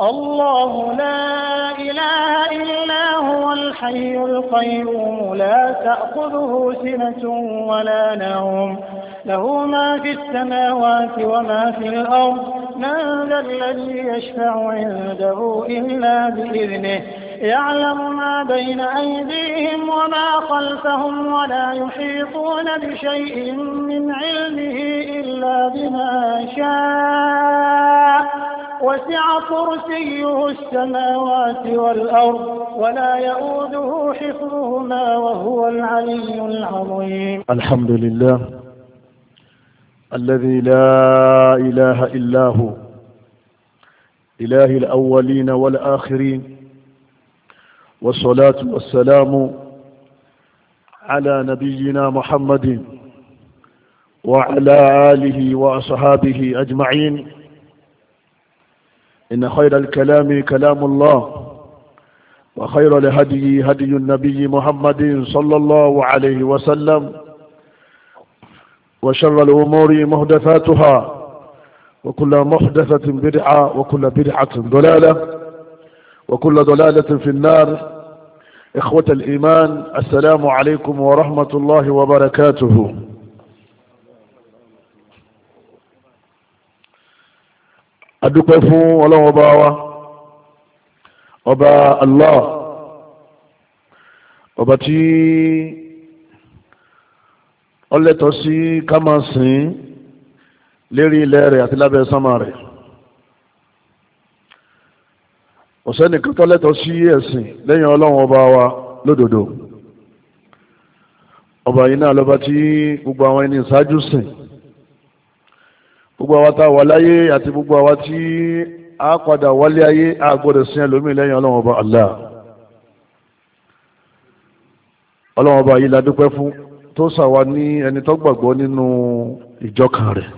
الله لا إله إلا هو الحي القيوم لا تأخذه سنة ولا نوم له ما في السماوات وما في الأرض من ذا الذي يشفع عنده إلا بإذنه يعلم ما بين أيديهم وما خلفهم ولا يحيطون بشيء من علمه إلا بما شاء وسع كرسيه السماوات والأرض ولا يؤوده حفظهما وهو العلي العظيم الحمد لله الذي لا إله إلا هو إله الأولين والآخرين والصلاة والسلام على نبينا محمد وعلى آله وأصحابه أجمعين إن خير الكلام كلام الله وخير الهدي هدي النبي محمد صلى الله عليه وسلم وشر الأمور محدثاتها وكل محدثة بدعة وكل بدعة ضلالة وكل ضلالة في النار إخوة الإيمان السلام عليكم ورحمة الله وبركاته adúpẹ́ fún ọlọ́run ọba wa ọba Allah ọba tí ọlẹ́tọ̀ sí ká máa sìn lérí ilẹ̀ rẹ̀ àti lábẹ́ sánmà rẹ̀ ọ̀sẹ́nìkan tọ́lẹ́tọ̀ sí ẹ̀sìn lẹ́yìn ọlọ́run ọba wa lódodo ọba yìí náà lọ́ba tí gbogbo àwọn ẹni ìṣáájú sìn gbogbo àwa tá a wà láyé àti gbogbo àwa tí a padà wálé ayé a gbọ́dọ̀ sin ẹlòmíì lẹ́yìn ọlọ́run Allah ọlọ́run ọba yìí la dúpẹ́ fún tó ṣàwa ní ẹni tó gbàgbọ́ nínú ìjọkàn rẹ̀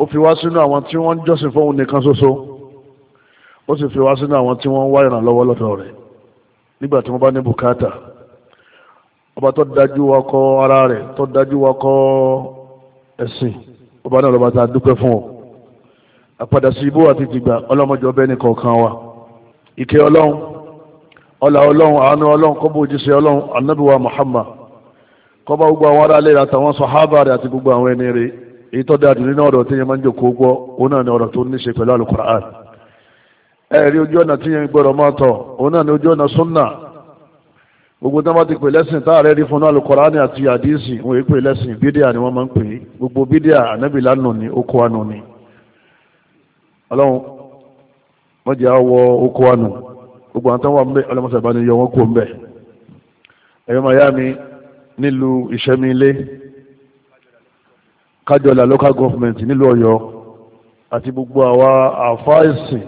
ó fi wá sínú àwọn tí wọ́n ń jọ́sìn fóun nìkan ṣoṣo ó sì fi wá sínú àwọn tí wọ́n wá ìrànlọ́wọ́ lọ́dọ̀ rẹ̀ nígbà tí wọ́n bá ní bùkátà ọba tó dájú wakọ ara rẹ̀ tó dájú wakọ ẹ̀sìn ọba náà lọ́ba tá a dúpẹ́ fún ọ àpàdà sí ibú àti tìgbà ọlọ́mọdé ọbẹ̀ ní kọ̀ọ̀kan wa ìkẹ́ ọlọ́run ọlà ọlọ́run àánú ọlọ́run kọ́bù òjíṣẹ́ ọlọ́run anábìwá Muhammad kọ́bà gbogbo àwọn ará lẹ́yìn àtàwọn sàhábà rẹ̀ àti gbogbo àwọn ẹni rẹ̀ èyí tọ́ da àdúrí náà ọ̀rọ̀ tí yẹn máa ń jòkó gbọ́ òun náà ni ọ̀rọ̀ tó ní ṣe pẹ̀lú Al-Qur'an ẹ̀rí ojú ọ̀nà tí yẹn gbọ́dọ̀ máa tọ̀ òun náà ni ojú ọ̀nà sunnah gbogbo tó bá ti pè lẹ́sìn táàrẹ́ rí fún alukorani àti àdísì wọ́n èé pè bídíà ni wọ́n máa ń pè é gbogbo bídíà ànábìlá nù ní oko ànù ni ọlọ́run wọ́n jẹ́ àwọ oko ànù gbogbo àwọn táwọn mbẹ ọlọ́mọṣẹ́ bá ní yọ wọ́n kó mbẹ ẹ̀yọ́ màyá mi nílùú ìṣẹ́milé kájọlá local government nílùú ọ̀yọ́ àti gbogbo àwa àfáà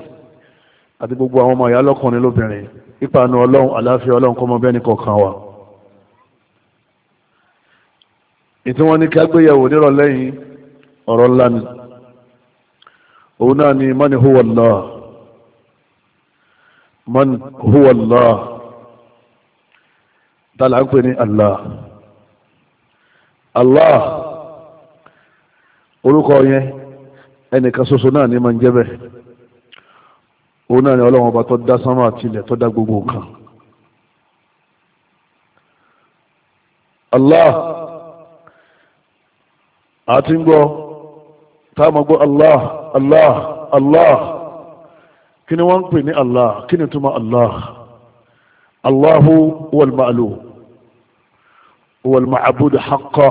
àti gbogbo àwọn ọmọ ìyá lọ́kùnrin lóbìnrin ìpanu ọlọ́run àláfíà ọlọ́run kọmọ bẹ́ẹ̀ ni kọ̀ọ̀kan wa ìtí wọ́n ní kí agbéyẹ̀wò nírọ̀lẹ́ yìí ọ̀rọ̀ ńlá ni òun náà ni man huwa huwa dálà ń pè ní Allah Allah orúkọ yẹn ẹnìkan ṣoṣo náà ni òun náà ni ọlọ́run ọba tó dá sánmà tilẹ̀ tó dá gbogbo nǹkan Allah àti ń gbọ́ táàmà gbọ́ Allah Allah Allah kí ni wọ́n ń pè ní Allah kí ni túmọ̀ Allah Allahu wal ma'lu haqqa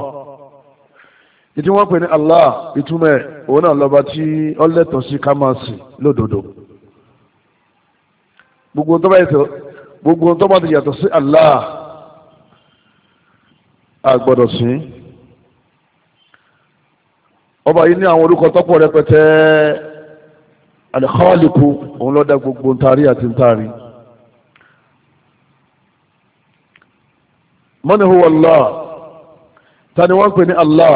ìtí pè ní Allah ìtumẹ̀ òun náà lọ́ba tí ó sí ká lódodo gbogbo tó bá yàtọ̀ gbogbo tó bá ti yàtọ̀ sí Allah àgbọ̀dọ̀ sí ọba yìí ní àwọn orúkọ tọ́pọ̀ rẹpẹtẹ alikọ́ọ̀lìkù òun lọ́dà gbogbo ntaari àti ntaari mọ́ni hu Allah ta ni pè ní Allah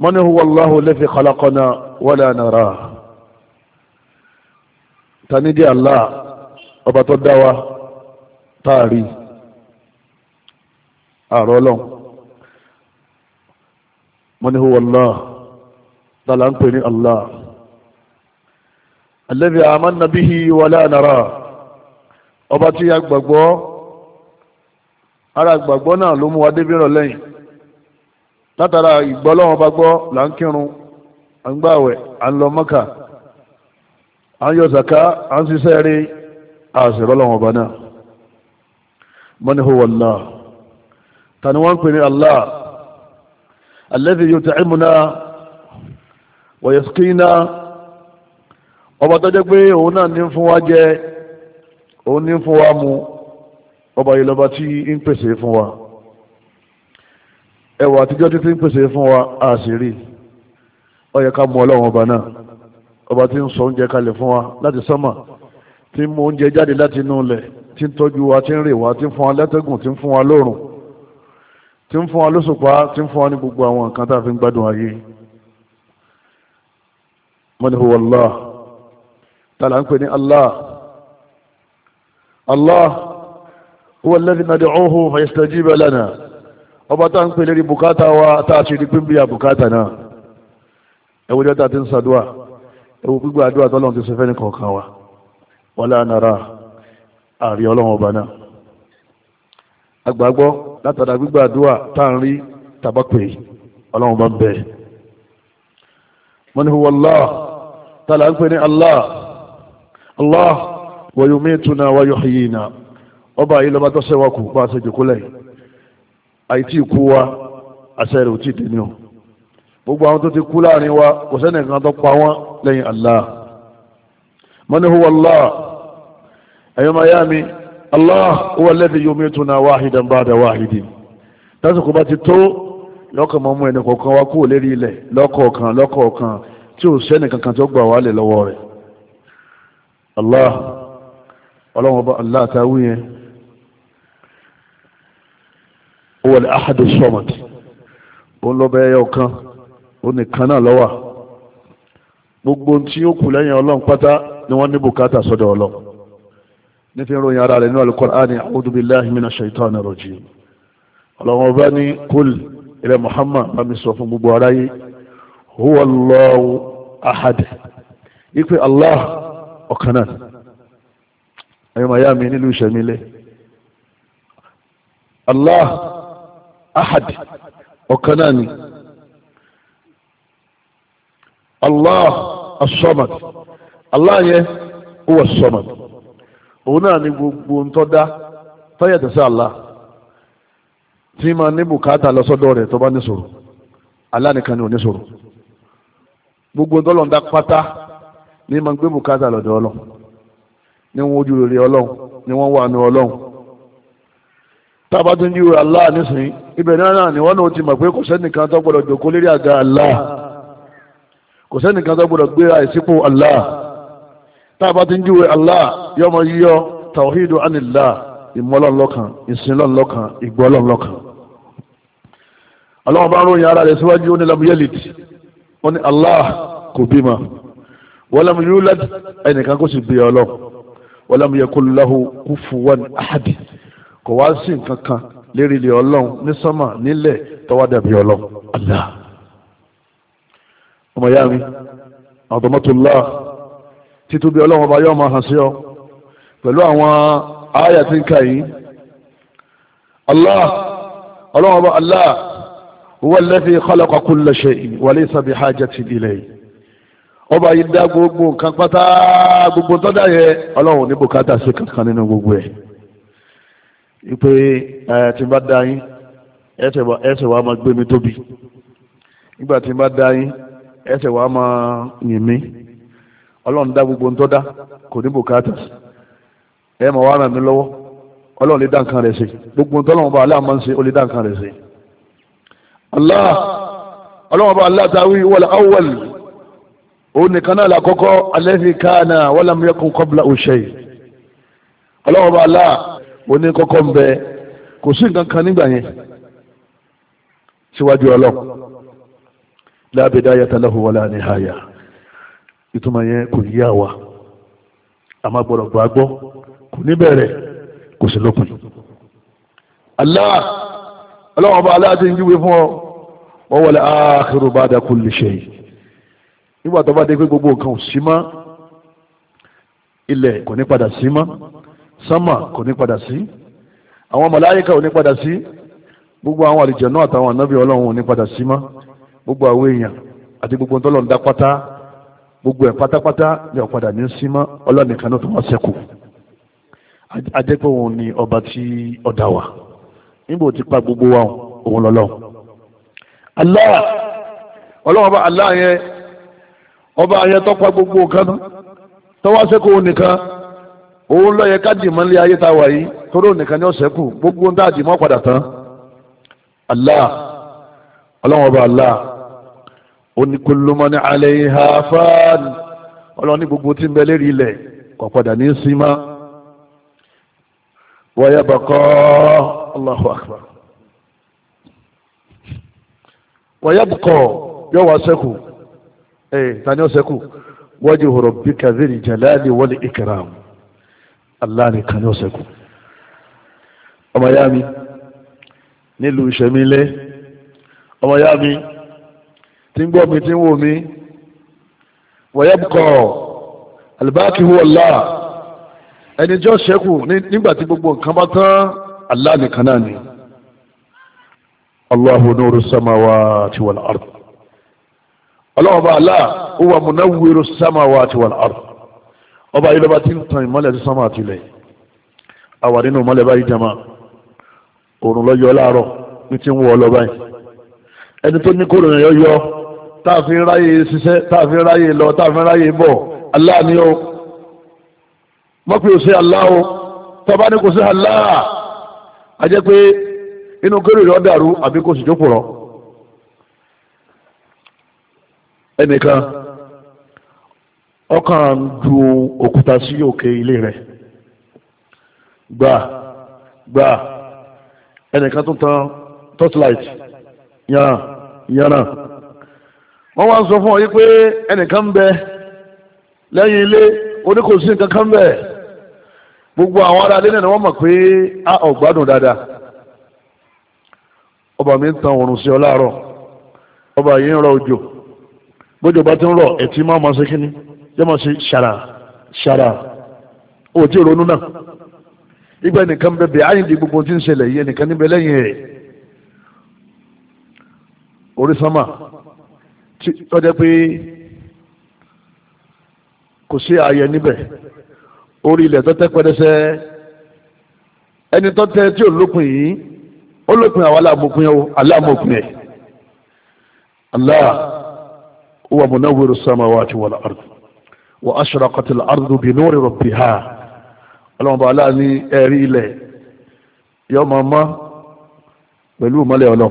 mọ́ni hu Allah lẹ́fi khalaqana wala nara tani jẹ́ Allah ọba tó dá wa táàrí àrọ́ ọlọ́run ní huwa Allah tààlà ń pè ní Allah alladhi amanna bihi wala nara ọba tí a gbàgbọ́ ara gbàgbọ́ náà ló mú wa débi rọ̀ lẹ́yìn látara ìgbọ́ bá gbọ́ là ń kírun à à ń lọ Mọ́kà an ń zaka an ń ṣiṣẹ́ rí ọba náà mọ́ni tani wọ́n ń pè ní allah alladhi yut'imuna naa, ọba tó pé òun náà ní fún wa jẹ òun ní fún mu ọba yìí lọ́ba tí ń pèsè fún wa ẹwà àtijọ́ títí ń pèsè fún wa àṣírí ó naa. ọba tí ń sọ oúnjẹ kalẹ̀ fún wa láti sánmà tí ń mú oúnjẹ jáde láti inú ilẹ̀ tí ń tọ́jú wa tí ń rè wa tí ń fún wa lẹ́tẹ̀gùn tí ń fún wa lóòrùn tí ń fún wa lóṣùpá tí ń fún wa ní gbogbo àwọn nǹkan tá a fi ń gbádùn ayé mọ́ni huwa allah tààlà ń pè ní allah allah huwa alladhi nad'uhu fayastajiba lana ọba tá a ń pè lérí bùkátà wa tá a sì rí pínpín àbùkátà náà ẹwùjọ́ tá a ti ń ṣàdúrà ewu gbígbà àdúrà tọ́lọ́n ti sọfẹ́ ní kọ̀ọ̀kan wa wala anara àrí ọlọ́run ọba náà agbàgbọ́ látara gbígbà àdúrà táàrí tàbápè ọlọ́run bá ń bẹ mọ́ni huwallah tààlà ń pè ní allah allah wa yumituna wa yuhyina ọba yìí lọ́ba tó sẹ́wà kù bá a ṣe jòkólẹ̀ àìtí ikú wa àṣẹ rẹ̀ ò tí ì dé gbogbo àwọn tó ti kú láàrin wa kò sẹ́nìkan tó pa wọ́n lẹ́yìn Allah mọ́ni huwa Allah ẹ̀yọ́ miami Allah huwa alladhi yumituna wahidan ba'da wahidin lásìkò bá ti tó lọ́kàn mọ́mú ẹni kọ̀ọ̀kan wá kúrò lérí ilẹ̀ lọ́kọ̀ọ̀kan lọ́kọ̀ọ̀kan tí ò sẹ́ni kankan tó gbà wálẹ̀ lọ́wọ́ rẹ̀ Allah ọlọ́run ọba Allah táwí yẹn huwa al-ahadu as-samad òun lọ́bẹ̀ ẹyọ kan òun nìkan náà ló gbogbo tí ó kù lẹ́yìn ọlọ́run pátá ni wọ́n ní bùkátà sọ́dọ̀ ọlọ́run ní fi ń ròyìn ara rẹ̀ ní al-Qur'ani a'udhu billahi minash shaitani rajim ọlọ́run ọba ní kúl ilẹ̀ Muhammad bá mi sọ fún gbogbo aráyé huwa Allahu ahad ipe Allah ọ̀kan náà ẹ̀yọ́ màá yá mi nílùú ìṣẹ̀mílẹ̀ Allah ahad ọ̀kan náà ni Allah. asọ́mad Allah yẹn ó wà sọ́mad òun náà ni gbogbo ń tọ́da tọ́yẹ̀tẹ̀ sí Allah tí máa ní nisoro, Allah ni o nisoro. gbogbo ńtọ́lọ̀ dá pátá ní gbé bùkátà lọ́dọ̀ ní wọn ojú rere ní wọn wà ní tábàtúndì nísìnyí náà ni wọn náà ti mọ̀ pé kò sẹ́nìkan tó jòkó àga kò sẹ́ni kan tó gbọ́dọ̀ gbé àìsípò Allah tá a bá ti ń júwe Allah yọmọ yíyọ tawhidu anilá ìmọ̀lọ́nlọ́kan ìsinlọ́nlọ́kan ìgbọ́lọ́nlọ́kan Allah bá ń ròyìn ara rẹ̀ síwájú ó ní lam yalid ó ní Allah kò bímọ wọ́n lam yulad ẹnìkan kò sì bí ọlọ́run wọ́n lam yakul lahu kufuwan ahad kò wá sí nǹkan kan lérí ilé ọlọ́run ní sánmà nílẹ̀ tọ́wádàbí ọlọ́run Allah ọmọ ìyá mi àdọ́mọ́tòlá títúbi ọlọ́run ọba yóò máa hàn sí ọ pẹ̀lú àwọn àyà tí ń kà yìí Allah ọlọ́run ọba Allah huwa alladhi khalaqa kulla shay'in wa laysa bihajatin ilayhi ọba yìí dá gbogbo nǹkan pátá gbogbo tọ́jà yẹ ọlọ́run ní bùkátà sí kankan nínú gbogbo ẹ̀ ipe ẹ̀ tí bá dá yín ẹsẹ̀ wàá máa gbé mi tóbi nígbà tí bá dá yín ẹsẹ̀ wàá máa yìn mí ọlọ́run dá gbogbo ntọ́ dá kò ní bùkátà ẹ máa wá ràn mí lọ́wọ́ ọlọ́run lè dá nǹkan rẹ̀ ṣe gbogbo ntọ́ ọlọ́run bá aláà máa ń ṣe ó lè dá nǹkan rẹ̀ ṣe. Allah ọlọ́run bá aláà táwí wọlé awọ́lì òun nìkan náà là kọ́kọ́ alẹ́fi káànà wọ́n làmú kọ́bla òṣè ọlọ́run bá aláà òun ní kọ́kọ́ ń bẹ kò sí nǹkan kan nígbà yẹn síwájú ọlọ́run la bidayata lahu wala nihaya ìtumọ̀ yẹn kò yí àwa àmọ́ gbọ́dọ̀ gbọ́ agbọ́ kò ní bẹ̀rẹ̀ kò sí lópin. Allah ọlọ́wọ́n bá aláàtí ń jíwe fún ọ wọ́n wọlé akhiru ba'da kulli shay nígbà tó bá dé pé gbogbo nǹkan ò sí mọ́ ilẹ̀ kò ní padà sí mọ́ sánmà kò ní padà sí àwọn màláíkà ò ní padà sí gbogbo àwọn àlùjànnú àtàwọn ànábì ọlọ́run ò ní padà sí mọ́ gbogbo àwọn èèyàn àti gbogbo ntọ́lọ̀ ń dá pátá gbogbo ẹ̀ pátápátá ni ọ̀padà ní símọ́ ọlọ́nìkan náà tó wọ́n sẹ́kù ajẹ́pẹ́ òun ni ọba tí ọ̀dà wà níbo ti pa gbogbo wa òun lọ́lọ́run Allah ọlọ́run ọba Allah yẹn ọba yẹn tó pa gbogbo nǹkan tó wá sẹ́kù òun nìkan òun lọ yẹ ká dìmọ́ lé ayé tá a wà yìí torí nìkan ni ó sẹ́kù gbogbo ń dá àdìmọ́ padà tán Allah ọlọ́run ọba Allah oní kullu man alayha fan ọlọ́run ní gbogbo tí ń bẹ lérí ilẹ̀ kò padà ní símá wa yabqa Allahu akbar wa yabqa yọ wá sẹ́kù ẹ̀ tani ó sẹ́kù wajhu rabbika dhil jalali wal ikram Allah nìkan ni ó sẹ́kù ọmọ yá mi nílùú ìṣẹ́mi lẹ́ ọmọ yá mi tí ń gbọ́ mi tí ń wò mí wọ̀yẹ́bùkọ̀ alibáàkì hu Allah ẹni jọ́ ṣẹ́kù nígbà tí gbogbo nǹkan bá tán Allah nìkan náà ni Allahu nuru samawati wal ard ọlọ́wọ́ bá Allah huwa munawwiru samawati wal ard ọba yìí lọ́ba tí ń tan ìmọ́lẹ̀ sí sánmà àtìlẹ̀ àwà nínú ìmọ́lẹ̀ báyìí jama òrùn lọ́yọ́ láàárọ̀ ní ti ń wọ̀ ọ lọ báyìí ẹni tó ní kóòrùn yọ yọ táàfin ráyè ṣiṣẹ́ táàfin ráyè lọ táàfin ráyè bọ̀ Allah ni o mọ́pẹ́ ò sí Allah o tọ́ba ni kò sí Allah a jẹ́ pé inú kéré rẹ̀ ọ́ dàrú àbí kò sì jókòó rọ ẹnìkan ọkàn ń ju òkúta sí òkè ilé rẹ. gbà gbà ẹnìkan tó tan torchlight yànnà yànnà. wọ́n wá ń sọ fún ọ yí pé ẹnìkan ń bẹ lẹ́yìn ilé oníkòsí nǹkan kan bẹ̀ gbogbo àwọn ará ilé náà wọ́n mọ̀ pé a ọ̀gbádùn dáadáa ọba mi ń tan oòrùn sí ọ láàárọ̀ ọba yìí ń rọ òjò bójú ọba ti ń ma ṣe kínní yóò máa ṣe ṣàrà ṣàrà ò tí ì náà ìgbà ẹnìkan gbogbo tí ń ṣẹlẹ̀ yìí ẹnìkan níbẹ̀ lẹ́yìn tọ́jẹ́ pé kò sí ààyè níbẹ̀ orí ilẹ̀ tó tẹ́ pẹ́rẹsẹ́ ẹni tó tẹ́ tí ò lópin yìí ó lópin àwọn aláàmọ̀pin ẹ̀ aláàmọ̀pin ẹ̀ Allah huwa munawwiru samawati wal ard wa ashraqat al ardu bi nuri rabbiha ọlọ́mọba aláàní ẹ̀rí ilẹ̀ yọ máa mọ́ pẹ̀lú ìmọ́lẹ̀ ọlọ́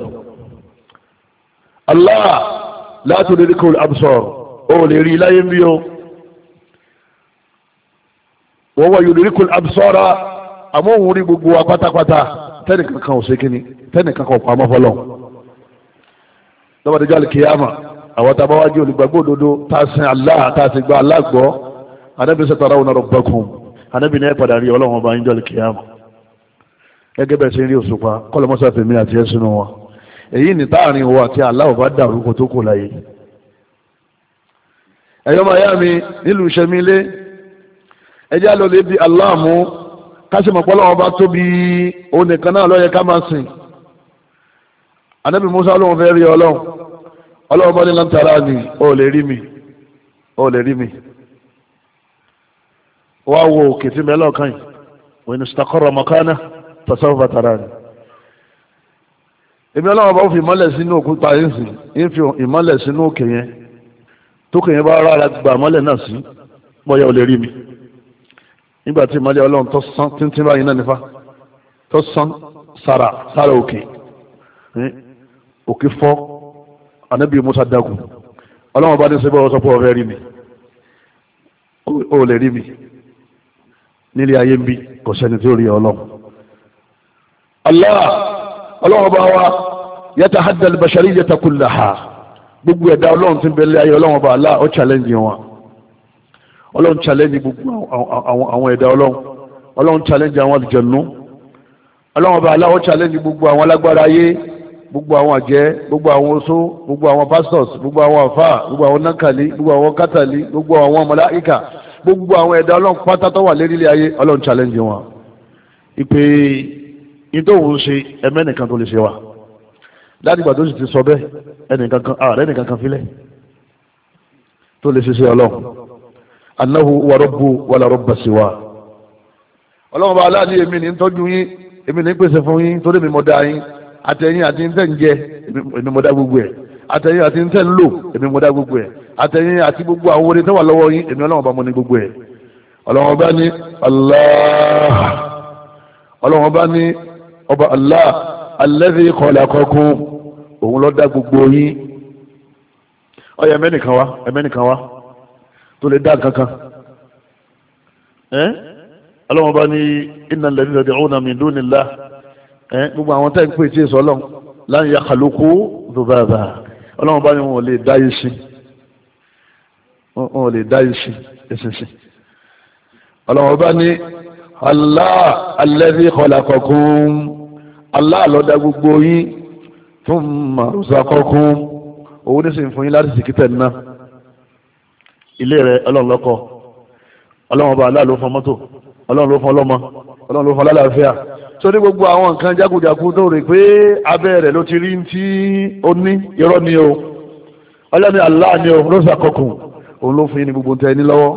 Allah láti lè rí kòrò absor o lè rí láyé ń bí o wọ́n wọ́n yóò rí kòrò absora àmọ́ òun rí gbogbo wa pátápátá tẹ́nìkan kan ò ṣe kíni tẹ́nìkan kan ò pamọ́ fọlọ́ lọ́wọ́ dẹjọ́ alikiyama àwọn tá a bá wá jẹ́ olùgbàgbọ́ òdodo tá a sin Allah tá a sì gba Allah gbọ́ anábì sẹ́tara òun ọ̀rọ̀ bẹ́kùn anábì ní ẹ̀ padà rí ọlọ́run ọba yín jọ́ alikiyama gẹ́gẹ́ bẹ́ẹ̀ sí rí òṣùpá kọ́lọ́mọ́sá fèmí àti ẹ̀ wọn èyí ni táàrin òwò àti aláwọ̀ bá dàrú kó tó kò láyé ẹ̀yọ́ máa yá mi nílùú sẹ́mílé ẹjẹ́ ló lè bi aláàmú káṣímọ̀ pọ́lọ́ wọn bá tóbi òun nìkan náà ló yẹ ká máa sìn anábì Musa lóun fẹ́ rí ọlọ́run ọlọ́run bá ní láǹtara ni ó lè rí mi ó lè rí mi wá wo òkè kan yìí wọ́n ní sitakọ́rọ̀ mọ̀kánná tasawfa tarani èmi ọlọ́wọ́ bá fi ìmọ́lẹ̀ sínú òkúta yín sí yín fi ìmọ́lẹ̀ sínú òkè yẹn tókè yẹn bá rárá gba ìmọ́lẹ̀ náà sí bọ́yá ò lè rí mi nígbà tí ìmọ́lẹ̀ ọlọ́run tó sán títí báyìí náà nífa tó sán sára sára òkè òkè fọ́ ànábì Musa dàgù ọlọ́run bá ní sẹ́gbẹ́ ọ̀sọ́ pé ọ̀rẹ́ rí mi ó rí mi nílé ayé ń bí kò sẹ́ni tí ó rí ọlọ́run. Allah ọlọ́run ọba wa yẹta hadal bashari yẹta kula ha gbogbo ẹ̀dá ọlọ́run ti bẹ̀rẹ̀ ayé ọlọ́run ọba alá ọ challenge wọn ọlọ́run challenge gbogbo àwọn ẹ̀dá ọlọ́run ọlọ́run challenge àwọn àlùjànnú ọlọ́run ọba alá ọ challenge gbogbo àwọn alágbára ayé gbogbo àwọn àjẹ́ gbogbo àwọn oṣó gbogbo àwọn pastors gbogbo àwọn àfáà gbogbo àwọn nankali gbogbo àwọn kátàlí gbogbo àwọn màláíkà gbogbo àwọn ẹ̀dá ọlọ́run pátá tó wà lérílẹ̀ ayé ọlọ́run challenge wọn ìpè ìtòhùn ṣe ẹ̀mẹ́ nìkan tó lè ṣe wa láti ìgbà tó sì ti sọ bẹ́ẹ̀ ẹnìkan kan ààrẹ nìkan kan filẹ̀ tó lè ṣiṣẹ́ ọlọ́run annahu wa rabbu wala rabba siwa ọlọ́run bá aláàdí èmi ní tọ́jú yín èmi ní pèsè fún yín torí mi mọ̀ dá yín àtẹ̀yìn àti ń tẹ̀ ń jẹ èmi mọ̀ dá gbogbo ẹ̀ àtẹ̀yìn àti ń tẹ̀ ń lò èmi mọ̀ dá gbogbo ẹ̀ àtẹ̀yìn àti gbogbo àwọn orin tó wà lọ́wọ́ yín èmi ọlọ́run bá mọ̀ ní gbogbo ẹ̀ ọlọ́run bá ní Allah ọlọ́run bá ní ọba allah alladhi khalaqakum òun ló dá gbogbo yín ọyọ ẹmẹ́nìkan wá ẹmẹ́nìkan wá tó lè dá nǹkankan ẹ́ ọlọ́wọ́n bá ní innal ladhina tad'una min dunillah ẹ́ gbogbo àwọn tẹ́ ń pè tí èso ọlọ́run lan yakhluqu dhubaba ọlọ́wọ́n bá ní wọn ò lè dá iṣin wọn ò lè dá iṣin ìṣinṣin ọlọ́wọ́n bá ní allah alladhi khalaqakum. Allah ló dá gbogbo yín fún màrúsàkọ́kún owó ní sìn fún yín láti sìkítẹ̀ náà ilé rẹ̀ ọlọ́run ló kọ́ ọlọ́run Allah ló fún mọ́tò ọlọ́run ló fún ọlọ́mọ ọlọ́run ló fún alálàáfíà tó ní gbogbo àwọn nǹkan jákujàku tó rè pé abẹ́ rẹ̀ ló ti rí tí ó ní irọ́ ni o ọlọ́ni Allah ni o rọ́sàkọ́kùn òun ló fún yín ní gbogbo tẹ́ ní lọ́wọ́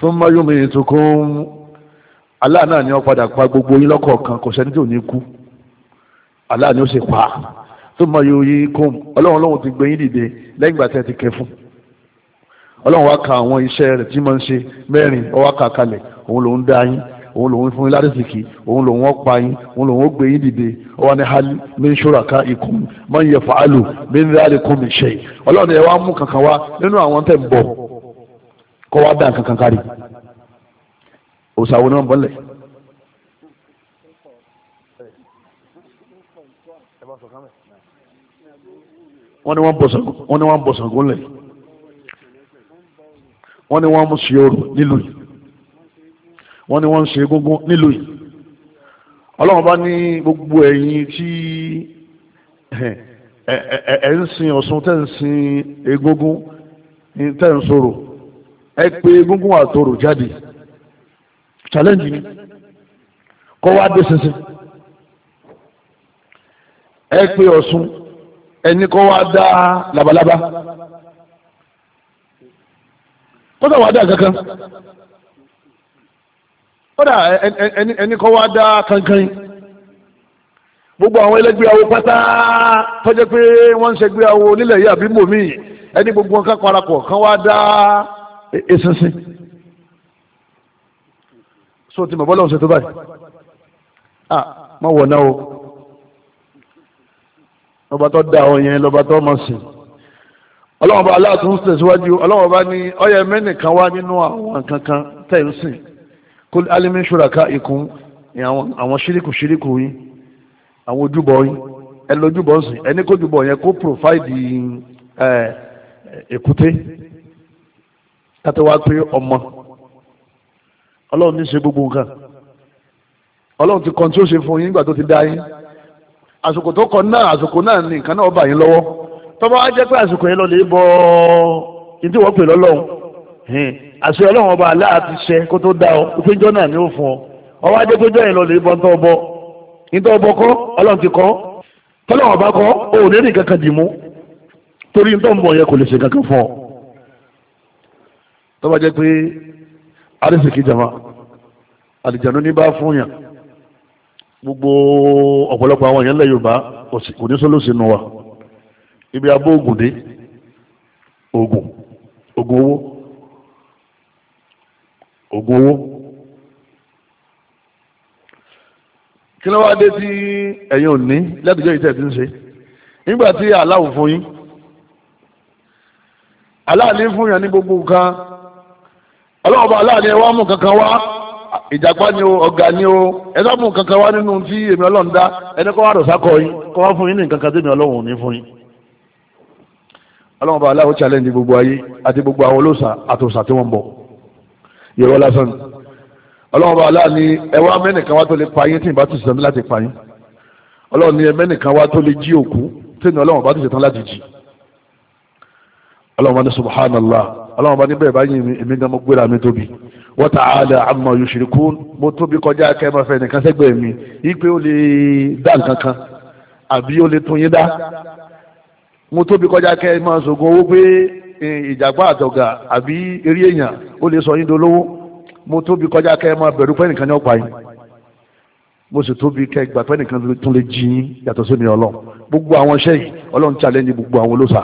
fún mayumi tukun Allah náà ni ó padà pa gbogbo yín lọ́kọ̀ọ̀kan kò sẹ́ni tí ò ní kú Allah ni ó sì pa tó mọ yòòyì kóm ọlọ́run ọlọ́run ti gbẹ̀yìn dìde lẹ́yìn ìgbà tí ẹ ti kẹ́ fún ọlọ́run wá ka àwọn iṣẹ́ rẹ̀ tí máa ń ṣe mẹ́rin ọwọ́ kà kalẹ̀ òun lòún dá yín òun lòún fún yín ládìsìkì òun lòún ó yín òun lòún ó gbẹ̀yìn dìde ọwọ́ ni hali min shuraka ikum man yaf'alu min dhalikum min shay ọlọ́run ẹ wá mú kankan wá nínú àwọn tẹ̀ ń bọ̀ kọ́ wá dá kankan kárí òòsàn náà bọ́lẹ̀ wọ́n ní wọ́n bọ̀ Ṣàngó lẹ̀ wọ́n ní wọ́n mú sí orò nílùú yìí wọ́n ní wọ́n ń ṣe egungun nílùú yìí ọlọ́run bá ní gbogbo ẹ̀yin tí ẹ̀ ń sin Ọ̀ṣun tẹ́ ń sin egungun tẹ́ ń sọ̀rọ̀ ẹ pé egungun àtòrò jáde challenge ni kọ́ wá dé ṣinṣin ẹ pé Ọ̀ṣun ẹni kó wá dá labalábá kódà wá dá kankan kódà ẹni kó wá dá kankan gbogbo àwọn ẹlẹgbẹ́ awo pátá tọjẹ pé wọn ń ṣẹgbẹ́ awo nílẹ̀ yìí àbí mòmí ẹni gbogbo nǹkan kan arakọ kan wá dá e, eṣinṣin so ti mọ̀ bọ́lá ọ̀sẹ̀ tó báyìí ah má wọ̀ náà o lọ́ba tó da àwọn yẹn lọ́ba tó mọ̀ sí ọlọ́wọ́n bá aláàtún tẹ̀síwájú ọlọ́wọ́n bá ní ọyẹ mẹ́nìkan wá nínú àwọn kankan tẹ̀ ń sìn kó alimi ṣuraka ikun àwọn ṣíríkù ṣíríkù yín àwọn ojúbọ yín ẹ lójúbọ sìn ẹni kójúbọ yẹn kó pòfáìdì èkúté kátó wá pé ọmọ ọlọ́run ní í ṣe gbogbo nǹkan ọlọ́run ti kọ́ńtó fún yín nígbà tó ti dá yín àsìkò tó kọ náà àsìkò náà ni nǹkan náà bà yín lọ́wọ́ tọ́ba wá jẹ́ pé àsìkò yẹn lọ lè bọ ní tí wọ́n pè lọ́lọ́run àṣẹ ọlọ́run ọba aláà ti ṣẹ kó tó dá ọ péjọ náà ni ó fún ọ ọwọ́ ajé péjọ yẹn lọ lè bọ ntọ́ ọbọ ntọ́ ọbọ kọ́ ọlọ́run ti kọ́ tọ́lọ́run ọba kọ́ òun ní nìkan kan dì mú torí ntọ́ ń bọ̀ yẹn kò lè ṣe kankan fún ọ tọ́ba jẹ́ pé arísìkí jama àlìjànú ní bá fún yàn gbogbo ọ̀pọ̀lọpọ̀ àwọn èèyàn lẹ̀ yorùbá kò ní sọ́lọ́sì nù wa ibi abó oògùn dé oògùn oògùn owó oògùn owó kí ló wá dé tí ẹ̀yin ò ní lẹ́tọ̀jọ́ ìtẹ̀ tí ń ṣe nígbà tí aláwọ̀ fún yín aláàlí fún yàn ní gbogbo nǹkan ọlọ́wọ́ aláàlí ẹ wá mú kankan wá ìjàpá ni o ọ̀gá ni o ẹ sá mú kankan wá nínú tí èmi ọlọ́run dá ẹni kọ́ wá rọ̀ sákọ̀ yín kọ́ wá fún yín ní nǹkan tí èmi ọlọ́run ò ní fún yín ọlọ́run bá aláwọ̀ challenge gbogbo ayé àti gbogbo àwọn olóòsà àtòsà tí wọ́n bọ̀ yẹ̀wọ́ lásán ọlọ́run bá aláwọ̀ ní ẹwà mẹ́nìkan wá tó lè payín tí ìbá tó sẹ̀tàn láti payín ọlọ́run ní ẹmẹ́nìkan wá tó lè jí òkú tí ìnà ọlọ́run bá tó sẹ̀tàn láti jí ọlọ́run bá ní subhanallah ọlọ́run bá níbẹ̀ báyìí èmi gan mo gbéra mi tóbi wa ta'ala amma yushrikun mo tóbi kọjá kẹ́mọ́ fẹ́ nìkan sẹ́gbẹ̀ẹ́ mi ipe ó lè dá nǹkan kan àbí ó lè tún yín dá mo tóbi kọjá kẹ́mọ́ sògùn owó pé ìjàgbá àtọ̀gà àbí eré èèyàn ó lè sọ yín dolówó mo tóbi kọjá kẹ́mọ́ bẹ̀rù pé nìkan ní ọ̀pá yín mo sì tóbi kẹ́ gbà pé nìkan tún lè jí yàtọ̀ sí mi ọlọ́run gbogbo àwọn iṣẹ́ ọlọ́run challenge gbogbo àwọn olóṣà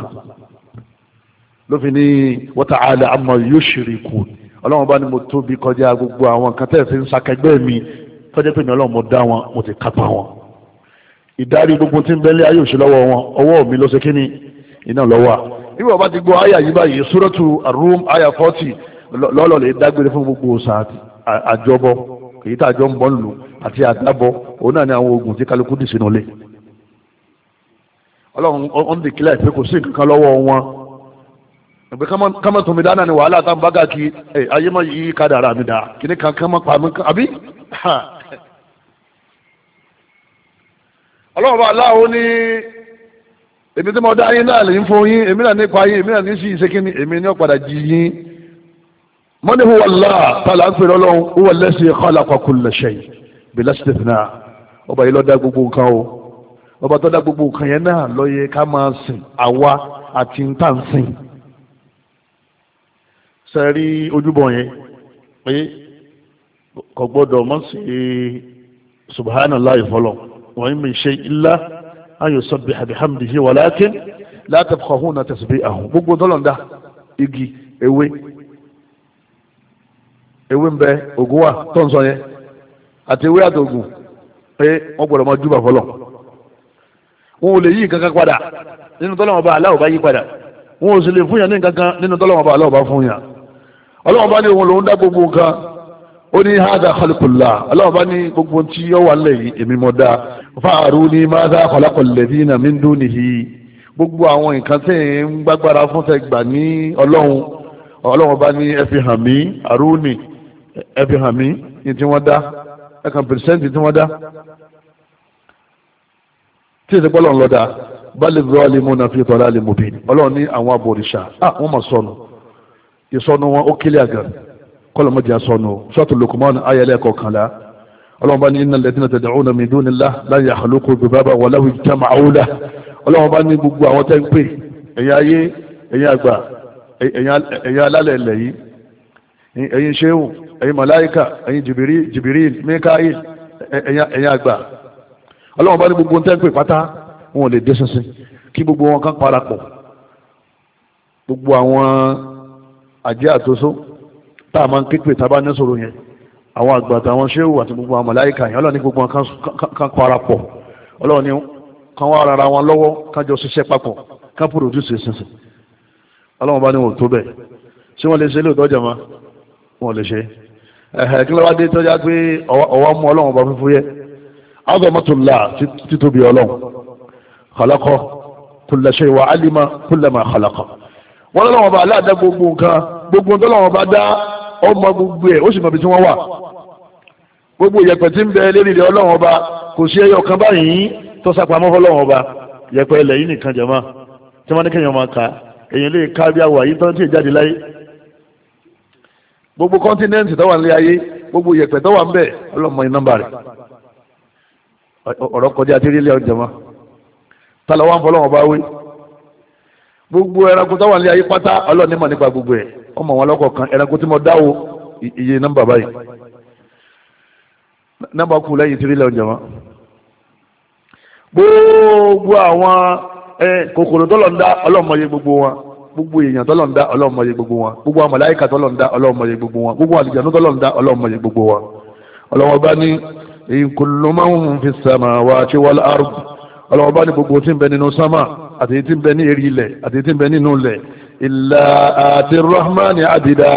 ló fi ní wa ta'ala amma yushrikun ọlọ́run bá ní mo tóbi kọjá gbogbo àwọn nǹkan tẹ́ ẹ̀ fi ń sakẹgbẹ́ mi tọ́jú pé mi ọlọ́run mo dá wọn mo ti kápá wọn ìdarí gbogbo tí ń bẹ́lẹ̀ ayé òṣèlú lọ́wọ́ wọn ọwọ́ mi ló kí ni iná lọ́wọ́ ìwọ bá ti gbọ́ àyà yìí báyìí suratu ar-Rum àyà fọ́tì lọ́lọ́ lè dágbére fún gbogbo ọ̀sà àjọbọ èyí tá àjọ ń bọ́ ń lò àti àdábọ òun náà ni àwọn oògùn tí kálukú dì sínú ilé ọlọ́run ọ̀ndìkílẹ̀ pé kò pé kámọ́ tó mi dáná ni wàhálà tá n bá gà kí ẹ ayé má yí kádàrá mi dá kíní kan kán má pa mí kan àbí. ọlọ́run bá aláwo ní èmi tí mo dá yín náà lè ń fún yín èmi náà nípa yín èmi náà ní sí ìṣekíní èmi ní ọ̀padà jí yín mọ́ni huwa Allah tààlà ń pèrè ọlọ́run huwa allazi khalaqa kulla shay bila istithna ọba yìí ló dá gbogbo nǹkan o ọba tó dá gbogbo nǹkan yẹn náà ló yẹ ká máa sìn àwa àti ntàǹsìn sẹ́rí ojúbọ yẹn pé kò gbọ́dọ̀ mọ́ sí subhanallah ìfọlọ́ wọ́n yìí mi ṣe ilá ayọ̀ sọ́bi abihamdi yìí walakin látàkọ̀hún náà tẹ̀sí bí àhùn gbogbo dọ́lọ́ndà igi ewé ewé ń bẹ ògùn wà tó ń sọ yẹn àti ewé àtògùn pé wọ́n gbọ́dọ̀ mọ́ júbà fọlọ́ wọn ò lè yí nǹkan kan padà nínú tọ́lọ́mọba aláwọ̀ bá yí padà wọn ò sì lè fún yàn ní nǹkan nínú tọ́lọ́mọba aláwọ̀ bá fún yàn ọlọ́run bá ní òun lòún dá gbogbo nǹkan ó ní hada khalqullah ọlọ́run bá ní gbogbo tí yọ wà lẹ́yìn èmi mọ̀ dá fáàrù ní madha khalaqal ladina min dunihi gbogbo àwọn nǹkan tẹ̀ ń gbàgbára fún tẹ̀ gbà ní ọlọ́run ọlọ́run bá ní ẹ fi hàn mí àrùnì ẹ fi hàn mí ní tí wọ́n dá ẹ kàn pẹ̀sẹ́ǹtì tí wọ́n dá tí ìsìnkú ọlọ́run lọ́dà bá lè rọ́ àlè mọ́nà fi tọ́lá àlè mọ́bìn ọlọ́run ní àwọn abòrìṣà ah wọ́n mọ̀ sọnù ìsọnù wọn ó kílẹ̀ àgàn kọlọmọdé àsọnù sọ́tò Luqman ayẹlẹ́ kọkànlá ọlọ́mọba ní innal ladhina tad'una min dunillah la yakhluqu dhubaba wa law ijtama'u lahu ọlọ́mọba ní gbogbo àwọn tẹ́ ń pè ẹ̀yin ayé ẹ̀yin àgbà ẹ̀yin alálẹ̀ ilẹ̀ yìí ẹ̀yin ṣéhùn ẹ̀yin màláìkà ẹ̀yin Jibril Mikail ẹ̀yin àgbà ọlọ́mọba ní gbogbo tẹ́ ń pè pátá wọn ò lè dé sísìn kí gbogbo wọn kàn parapọ̀ gbogbo àwọn àjẹ́ àtòsó tá a máa ń képe tá a bá ní sọ̀rọ̀ yẹn àwọn àgbà àtàwọn ṣéwù àti gbogbo àwọn màláíkà yẹn ọlọ́ọ̀ni gbogbo kan kọ́ ara pọ̀ ọlọ́ọ̀ni kan wá ara wọn lọ́wọ́ kan jọ ṣiṣẹ́ papọ̀ kan pòròdúsì ìsinsìn ọlọ́wọ́n bá ní wọn tó bẹ́ẹ̀ ṣé wọ́n lè ṣe lóòótọ́ jẹ̀mọ́ wọn lè ṣe ẹ̀hẹ̀ kí ló wá tọ́já pé ọwọ́ mú ọlọ́wọ́n bá fífú yẹ azọmọtòlá títóbi ọlọ́wọ́n khalaqo kulla shay alima kulla ma khalaqa wọn lọ́wọ́ bá aláàdá gbogbo nǹkan gbogbo tọ́lọ́wọ́ bá dá ọmọ gbogbo ẹ̀ ó sì mọ̀ bí tí wọ́n wà gbogbo yẹ̀pẹ̀ tí ń bẹ lérí rẹ̀ ọlọ́wọ́ bá kò sí ẹyọ kan báyìí tó sápamọ́ fọlọ́wọ́ bá yẹ̀pẹ̀ ilẹ̀ yìí nìkan jẹ̀mọ́ tí wọ́n ní kéèyàn máa ka èyàn lè ká bí awọ àyí tán tí ìjáde láyé gbogbo kọ́ńtínẹ́ǹtì tó wà nílé ayé gbogbo yẹ̀pẹ̀ tó wà ń bẹ gbogbo ẹranko tó wà ní ayé pátá ọlọ́run ní mọ̀ nípa gbogbo ẹ̀ ọmọ wọn lọ́kọ̀ọ̀kan ẹranko tí mo dá o iye nọ́mbà báyìí nọ́mbà kù lẹ́yìn tí rílẹ̀ ọ̀jọ̀ wọn. gbogbo àwọn kòkòrò tó lọ ń dá ọlọ́run mọ̀ iye gbogbo wọn gbogbo èèyàn tó lọ ń dá ọlọ́run mọ̀ iye gbogbo wọn gbogbo àwọn màláíkà tó lọ ń dá ọlọ́run mọ̀ iye gbogbo wọn gbogbo àlùjànnú tó lọ ń dá ọlọ́run mọ̀ iye gbogbo wọn. ọlọ́wọ́ bá ní in kullu man fi samawati wal ard ọlọ́wọ́ bá ní gbogbo tí ń bẹ nínú sámà àti èyí tí ń bẹ ní eré ilẹ̀ àti èyí tí ń bẹ nínú ilẹ̀ ìlà àti rahmani adida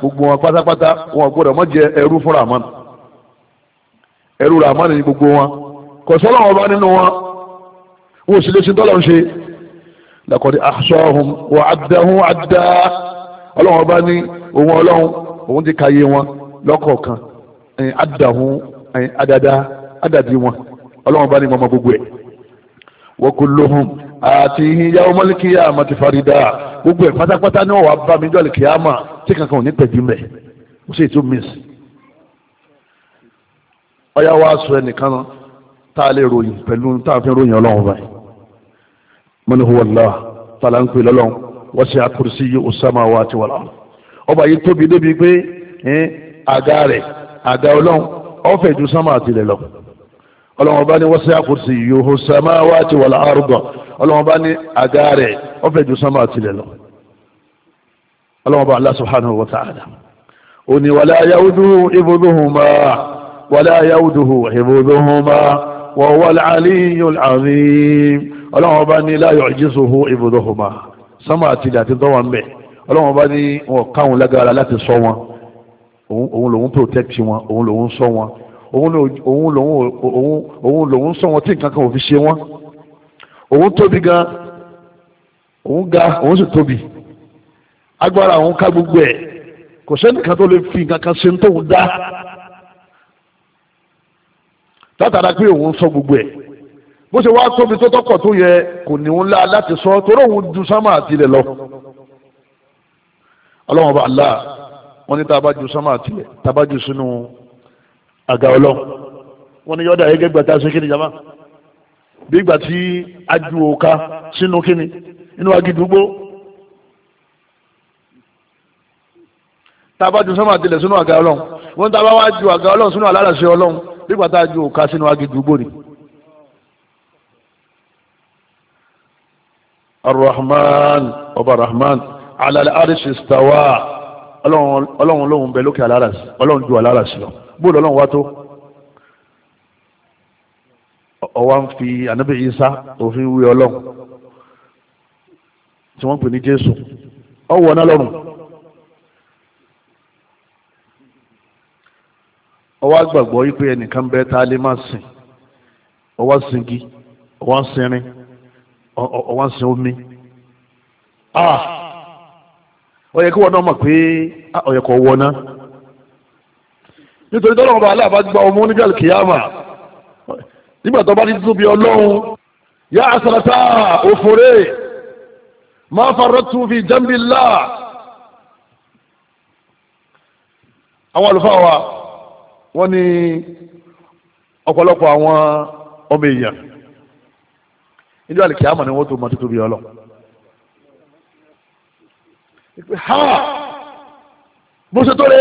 gbogbo wọn pátápátá wọn gbọ́dọ̀ mọ jẹ ẹrú fún rahman ẹrú rahman ni gbogbo wọn kò sọ́lọ́ wọn bá nínú wọn wọn ò sì lè ṣe tọ́lọ̀ ń ṣe lakọ̀dí ahṣọ́hum wà adahun adá ọlọ́wọ́n bá ní òun ọlọ́run òun ti kàyé wọn lọ́kọ̀ọ̀kan ẹ̀yìn adahun ẹ̀yìn adada adadi wọn ọlọ́wọ́n bá ní mọ́mọ́ gbogbo ẹ̀ wa kulluhum àti ìyá ọmọlẹ́kìyà àmàtí farida gbogbo ẹ̀ pátápátá ní ọ̀wà bá mi jọ́lẹ̀ kìyàmà tí kankan ò ní pẹ̀jú mẹ́ ó sì tún miss ọyá wa sọ ẹnìkan tá a lè ròyìn pẹ̀lú tá a fi ròyìn ọlọ́run báyìí mọ́ni huwọ́lá tààlà ń pè lọ́lọ́run wọ́n ṣe àkùrùsí yìí ọ̀sàmà wa ti wàlá ọba yìí tóbi débi pé àga rẹ̀ àga ọlọ́run ọ̀fẹ́ ju sámà àtìlẹ̀ lọ ọlọ́run ọba ni wọ́n ṣe àkùrùsí yìí ọ̀sàmà wa ti wàlá àrùbọ̀ ọlọ́wọ́n bá ní àga rẹ̀ ọ̀fẹ́ ju sánmà tilẹ̀ lọ ọlọ́wọ́n bá Allah subhanahu wa ta'ala ó ní wala yauduhu ibduhuma wala yauduhu ibduhuma wa huwa al-aliyyul azim ọlọ́wọ́n bá ní la yu'jizuhu ibduhuma sánmà tilẹ̀ àti dọ́wọ́n bẹ̀ ọlọ́wọ́n bá ní wọn káwọn lágara láti sọ wọn òun lòun protect wọn òun lòun sọ wọn òun lòun sọ wọn tí nǹkan kan ò fi ṣe wọn òun tóbi gan òun ga òun sì tóbi agbára òun ká gbogbo ẹ̀ kò sẹ́nìkan tó lè fi nǹkan kan ṣe ń tóun dá látara pé òun sọ gbogbo ẹ̀ bó ṣe wá tóbi tó tọ́kọ̀ tó yẹ kò ní òun láti sọ torí òun ju sámà àti lọ ọlọ́wọ́n bá Allah wọ́n ní tá ju sámà àti ilẹ̀ ju sínú àga ọlọ́run wọ́n ní yọ̀ọ́dà yẹ́gẹ́gbẹ̀ta ṣe kí ni jama bí ìgbà tí aju òka sínú kíni inú agidugbo tá a bá ju sọ́mà tilẹ̀ sínú àga ọlọ́run wọ́n tá a bá wá ju àga ọlọ́run sínú aláràṣẹ ọlọ́run bí ìgbà tá a ju òka agidugbo ni. arrahman ọba rahman alali arishi stawa ọlọ́run lóhun bẹ lókè aláràṣẹ ọlọ́run ju aláràṣẹ lọ bóòlù ọlọ́run wá tó ọwá ń fi ànábì Ìsá òfin wí ọlọ́run tí wọ́n pè ní Jésù ọwọ́ náà lọ́rùn ọwá gbàgbọ́ wípé ẹnìkan bẹ́ẹ̀ tá a lè máa sìn ọwá singi ọwá sinrin ọwá sin omi ah! ó yẹ kí wọ́n náà mọ̀ pé ah, ó yẹ kó wọ́n náà nítorí tọ́lọ́mọba aláàbá gba ọmọ oníjàlù nígbà tó bá ti tóbi ọlọ́run yá àsàlátà òfòrè máa farọ́ tún fi jẹ́mbìlá àwọn àlùfáà wa wọ́n ní ọ̀pọ̀lọpọ̀ àwọn ọmọ èèyàn níjọ́ àlèkè àmọ̀ ni wọ́n tó mọ títóbi ọlọ́run ha bó ṣe tó lé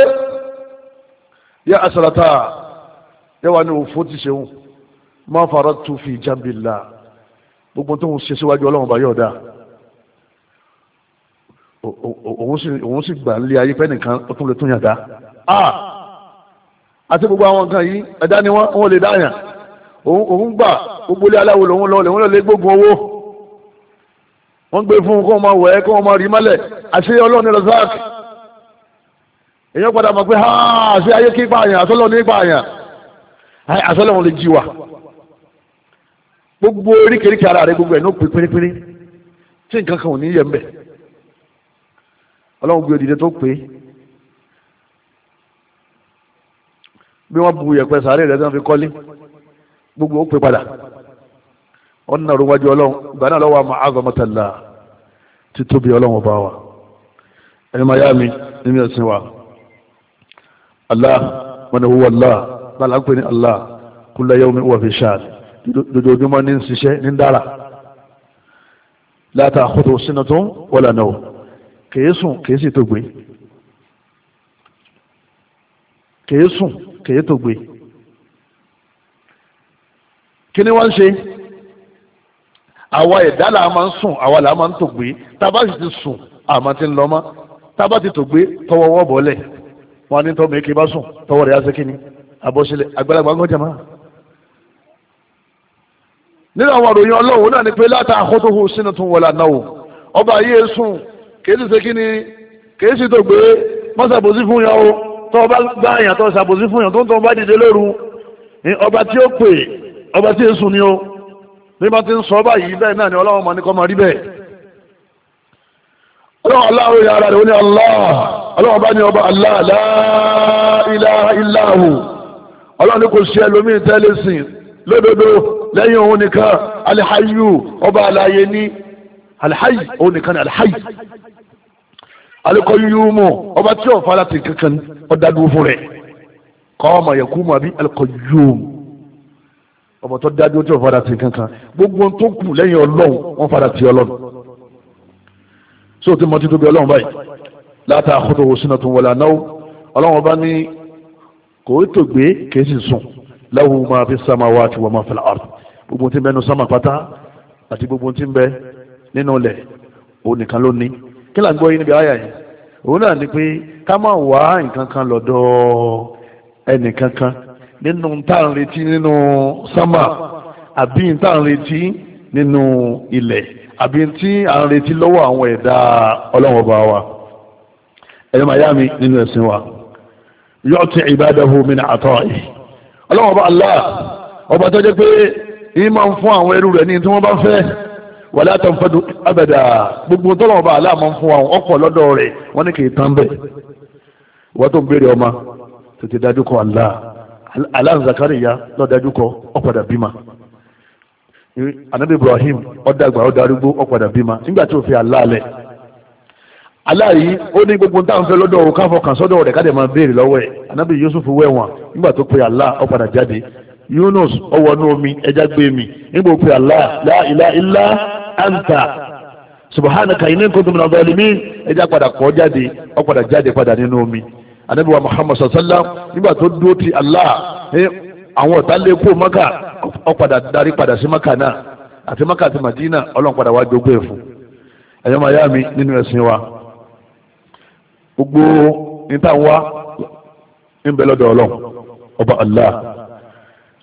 yá àsàlátà yẹ wà ní òfò ti ṣeun ma farattu fi jambillah gbogbo tó ń ṣe síwájú ọlọ́run bá yọ̀ dáa òun sì gbà lé ayé fẹ́nìkan ó tún lè tún yàn dá àti gbogbo àwọn nǹkan yìí ẹ̀dá ni wọ́n lè dáyàn òun gbà gbogbo ilé aláwo lòun lọ lòun lè gbógun owó wọ́n gbé fún un kó máa wẹ̀ ẹ́ kó máa rí mọ́lẹ̀ àṣẹ ọlọ́run ní razak èèyàn padà mọ̀ pé àṣẹ ayé kí pààyàn àṣọlọ́run ní pààyàn àṣọlọ́run lè jí wa gbogbo oríkèéríkè ara rẹ gbogbo ẹ̀ ní ó pè pérépéré tí nǹkan kan ò ní yẹ mbẹ ọlọ́run gbé òdìdẹ tó pé bí wọ́n bu yẹ̀pẹ̀ sàárè rẹ̀ tí wọ́n fi kọ́lé gbogbo ó pè padà wọ́n nàró wájú ọlọ́run ìgbà náà lọ́wọ́ àmọ́ àgọ́mọ́tàlá títóbi ọlọ́run bá wa ẹni máa yá mi nínú ẹ̀sìn wa Allah mọ̀nà owó Allah bá ń pè ní Allah kúlẹ̀ yẹ́wọ́n mi wà fi ṣáàlì dojoojúmọ́ ní ṣiṣẹ́ ní dára látà àkótó sínú tó wọ́là náà kèésùn kèésì tó gbé kèésùn kèé tó gbé kí ni wọ́n ń ṣe àwa ẹ̀dá là máa ń sùn àwa là máa ń tó gbé tábà sì ti sùn àmọ́ ti ń lọ mọ́ tábà ti tó gbé tọwọ́ wọ́ bọ́ọ̀lẹ̀ wọn ní tọ́ mi kí bá sùn tọwọ́ rẹ̀ á ṣe kí ni àbọ̀ṣẹlẹ̀ àgbàlagbà ń gbọ́jà máa nínú àwọn àròyìn ọlọ́run náà ni pé láta àkótóhùn sínú tún wọlé ànáwó ọba yìí sùn kìí sì ṣe kí ni kìí sì tó gbé mọ́sàbòsí fún yàn o tó ọba gbá àyàn tó ṣàbòsí fún yàn tó ń tó ń bá dìde lóru ni ọba tí ó pè ọba tí èsùn ni o bí wọ́n ti ń sọ ọba yìí bẹ́ẹ̀ náà ni ọlọ́run mọ̀ ní kọ́ mọ̀ rí bẹ́ẹ̀ ọlọ́run aláwọ̀ yàrá rẹ̀ ó ní Allah ọlọ́run bá ní ọba lódodo lẹ́yìn òun nìkan alihayu ọba aláyé ní alihayi òun nìkan ní alihayi alikọyumu ọba tí ọ̀fà láti kankan ọ̀dàdúró fún rẹ̀ kọ́ọ̀mà yakumu àbí alikọyumu ọmọ tó dájú tí ọ̀fà láti kankan gbogbo tó kù lẹ́yìn ọlọ́run wọ́n fara ti ọlọ́run so ti mọ títú bí ọlọ́run báyìí látà àkótó wo sínú tó ń wọlé ànáwó ọlọ́run bá ní kò tó gbé kèésì sùn lahu ma fi samawati wa ma fil ard gbogbo tí ń bẹ nínú sámà pátá àti gbogbo tí ń bẹ nínú ilẹ̀ òun nìkan ló ní kí là ń gbọ́ yín níbi àyà yìí òun náà ni pé ká má wá nǹkan kan lọ́dọ̀ ẹnìkan kan nínú tá à ń retí nínú sámà àbí tá à ń retí nínú ilẹ̀ àbí tí à ń retí lọ́wọ́ àwọn ẹ̀dá ọlọ́wọ́ bá wa ẹ̀rọ màyá mi nínú ẹ̀sìn wa yu'ti ibadahu min ata'ihi. ọlọ́wọ́n ọba Allah ọba tó jẹ́ pé yìí máa ń fún àwọn ẹrú rẹ̀ ní tí wọ́n bá fẹ́ wà látàn fẹ́dù abẹ́dà gbogbo tọ́lọ́wọ́n ọba Allah máa ń fún àwọn ọkọ̀ lọ́dọ̀ rẹ̀ wọ́n ní kì í tán bẹ́ẹ̀ wọ́n tó ń béèrè ọmọ tètè dájú kọ Allah Allah anabi Ibrahim ọ̀dàgbà ọ̀dàrúgbó ọ̀padà nígbà fi Allah lẹ̀ ala ó ní gbogbo táwọn fẹ́ lọ́dọ̀ òun káfọ́ kan sọ́dọ̀ rẹ̀ káde máa béèrè lọ́wọ́ ẹ̀ anábì Yusuf wẹ̀ nígbà tó pe Allah jáde Yunus ọwọ n'omi omi ẹja gbé mi nígbà ó pe Allah la ilaha anta subhanaka inni kuntu minadh dhalimin ẹja padà kọ́ jáde ó jade jáde padà omi anábì wa Muhammad sallam nígbà tó dúró ti Allah àwọn ọ̀tá maka darí padà maka náà àti maka àti madina fún ẹ̀yọ́ gbogbo níta wá ń bẹ lọ́dọ̀ ọlọ́run ọba allah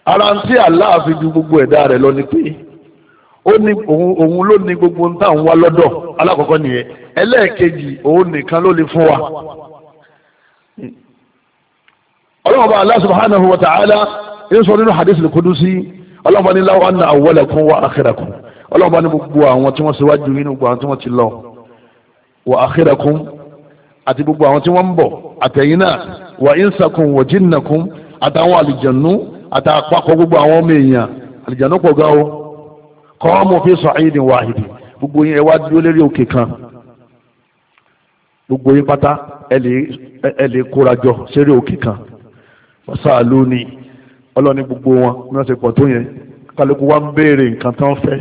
ara ń tí allah fi ju gbogbo ẹ̀dá rẹ̀ lọ ni pé òun ló ní gbogbo níta ń wá lọ́dọ̀ alákọ̀ọ́kọ́ nìyẹn ẹlẹ́ẹ̀kejì òun nìkan ló lè fún wa ọlọ́run ọba allah subhanahu wa ta'ala ń sọ nínú hadith al-qudusi ọlọ́run ọba ní láwọn àna awwalakum wa akhirakum ọlọ́run ọba ní gbogbo àwọn tí wọ́n ṣíwájú yín gbogbo àwọn tí wọ́n ti lọ wa akhirakum àti gbogbo àwọn tí wọ́n ń bọ̀ àtẹ̀yìn náà wà ínsàkùn wà jìnnàkùn àtàwọn àlìjànú àtàpapọ̀ gbogbo àwọn ọmọ èèyàn àlìjànú pọ̀ ga o kọ́ ọmọ fi sọ àyídìn wàhìdì gbogbo yín ẹ wá dúró lérí òkè kan gbogbo yín pátá ẹ lè kóra jọ sérí òkè kan wàsáàlú ni ọlọ́ni gbogbo wọn ní wọ́n ti pọ̀ tó yẹn kálukú wa ń béèrè nǹkan tán fẹ́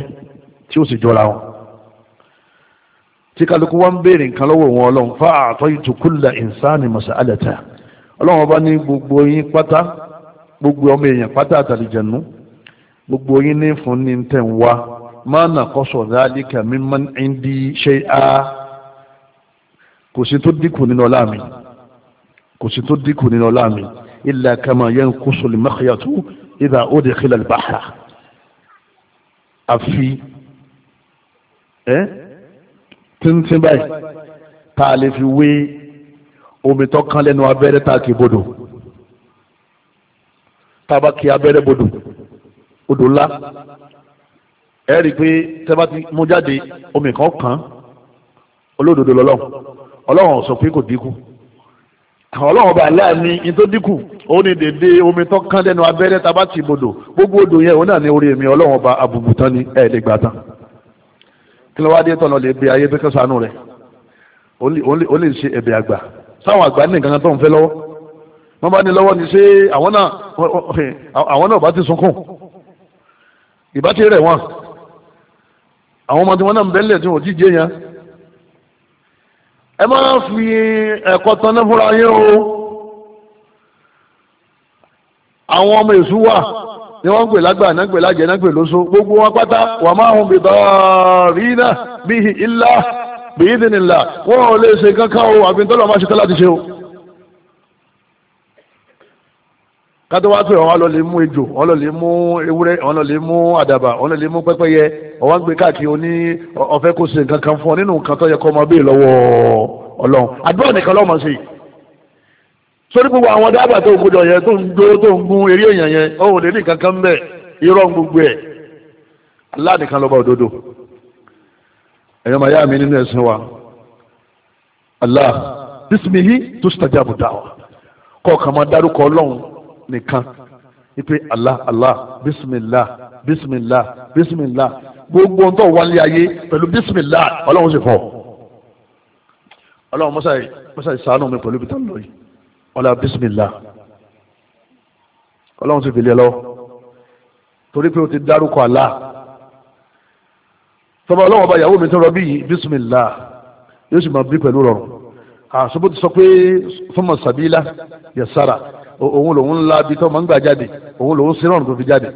tí ó sì jọra wọn tí kálukú wá ń béèrè nǹkan lọ́wọ́ wọn ọlọ́run fa àtọ́yìntù kúlà ìsáni mọ̀sálẹ́tà ọlọ́run ọba ní gbogbo yín pátá gbogbo ọmọ èèyàn pátá àtàlìjẹ̀nu gbogbo yín ní fún ní tẹ̀ ń wá máa nà kọ́sọ̀ dáadíkà mi máa ń di ṣe á kò sí tó dínkù nínú ọlá mi kò sí tó dínkù nínú ọlá mi ilà kama yẹn kó sọlì mẹ́kìyàtú ìdá ó de bàhà àfi tíntín báyìí tá a lè fi wé omi tó kán lẹ́nu abẹ́rẹ́ tá a kì bodò tá a bá kì abẹ́rẹ́ bodò odò ńlá ẹ rí i pé tẹ́ bá ti mú jáde omi kan kàn olódodo lọ́lọ́run ọlọ́run sọ pé kò dínkù ọlọ́run ọba aláàní ní tó dínkù ó ní dèdè omi tó kán lẹ́nu abẹ́rẹ́ tá a bá ti bodò gbogbo odò yẹn òun náà ní orí èmi ọlọ́run ọba abùbùtán ni ẹ̀ kí ló wá dé tọ̀nà lè bẹ ayé bẹ́kẹ́ sànú rẹ̀ ó lè ṣe ẹ̀bẹ̀ àgbà sáwọn àgbà ní nǹkan tó ń fẹ́ lọ́wọ́ wọ́n bá ní lọ́wọ́ ni ṣé àwọn náà àwọn náà bá ti sunkún ìbá ti rẹ̀ wọ́n àwọn ọmọ tí wọ́n náà ń bẹ́lẹ̀ tí wọ́n jíjẹ yẹn ẹ má fi ẹ̀kọ́ tán náà fúnra yín o àwọn ọmọ èṣù wà. ni wọ́n ń pè lágbà náà lájẹ lóso gbogbo wọn pátá wà máa hùn bí dọ́ọ̀rìnà bíi ilá bíi ìdìnnìlá wọn ò lè ṣe kankan o àfi tọ́lọ̀ máa ṣe tán láti ṣe o. kátó wá pé wọn lọ lè mú ejò wọn lọ lè mú nínú nǹkan tó yẹ ọmọ sórí gbogbo àwọn dábàá tó gbọdọ̀ yẹn tó ń dó tó ń gún eré èèyàn yẹn lè ní kankan mbẹ irọ́ gbogbo ẹ̀ Allah lọ́ba òdodo ẹ̀yọ́ màá yá mi nínú ẹ̀sìn wa Allah bísímìhì tustajabu da'wa kọ̀ọ̀kan máa dárúkọ ọlọ́run nìkan ipe Allah Allah gbogbo ayé pẹ̀lú ọlọ́run sì ọlọ́run mi ọlá bísímìlá ọlọ́run ti fìlẹ̀ lọ torí pé o ti dárúkọ àlá tọ́ba ọlọ́wọ́ bá ìyàwó mi tó rọbí yìí bísímìlá yóò sì máa bí pẹ̀lú rọrùn àṣọ́bó ti sọ pé fọmọ sàbílá yẹ̀sára òun lòun ńlá bí tọ́ máa ń gbà jáde òun lòun sí rọrùn tó fi jáde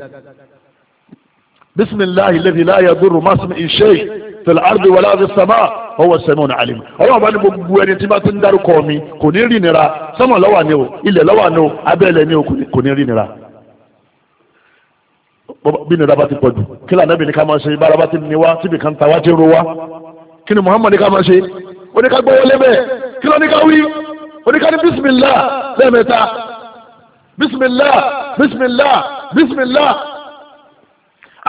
bísímìlá ilé ìlà yàgbọ́rù má sí iṣẹ́ yìí fẹlẹ ardi wàlá fi sàmà ọwọ sẹmi ọ̀nà àlè ọlọ́wọ́ bá ní gbogbo ẹni tí bá ti ń dárúkọ mi kò ní rí nira sọmọ lọ́wọ́ ni o ilẹ̀ lọ́wọ́ ni o abẹ́lẹ̀ ni o kò ní rí nira bí nira bá ti pọ̀ jù kí lànà bí ni ká máa ṣe bára bá ti ní wa síbi kan ta wá ti ro wa kí ni Muhammad ká máa ṣe oníkà gbọ́wọ́lé bẹ́ẹ̀ kí ló ní ká wí oníkà ní bisimilá lẹ́ẹ̀mẹ́ta bisimilá bisimilá bisimilá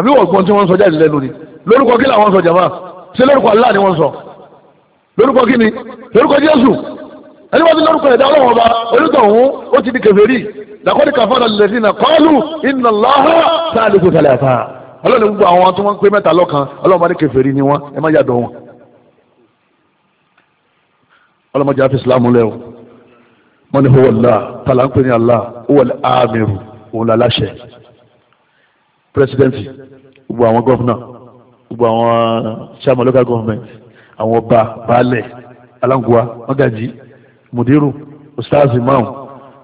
àbí wọ́n gbọ́n tí wọ́n ń sọ jáde lẹ́nu ni lórúkọ kí làwọn sọ jàmá ṣé lórúkọ Allah ni wọ́n sọ lórúkọ kí ni lórúkọ Jésù ẹni wọ́n ti lórúkọ ẹ̀dá ọlọ́wọ́n ọba onítọ̀hún ó ti di kèfèrí làkọ́ni kàfàdà lẹ́sìnà kọ́ọ̀lù inna Allaha sáàlùkù tàlẹ́fà ọlọ́ni gbogbo àwọn tí wọ́n ń pè mẹ́ta lọ́kan ọlọ́wọ́n bá ní kèfèrí ni wọ́n Allah tàlà Allah huwa al-amiru òun làláṣẹ Presidenti, gbogbo àwọn gọ́fúnà gbogbo àwọn chairman local government àwọn ọba baálẹ̀ aláǹgùwà mọ́gàjì mùdírù ustaz imam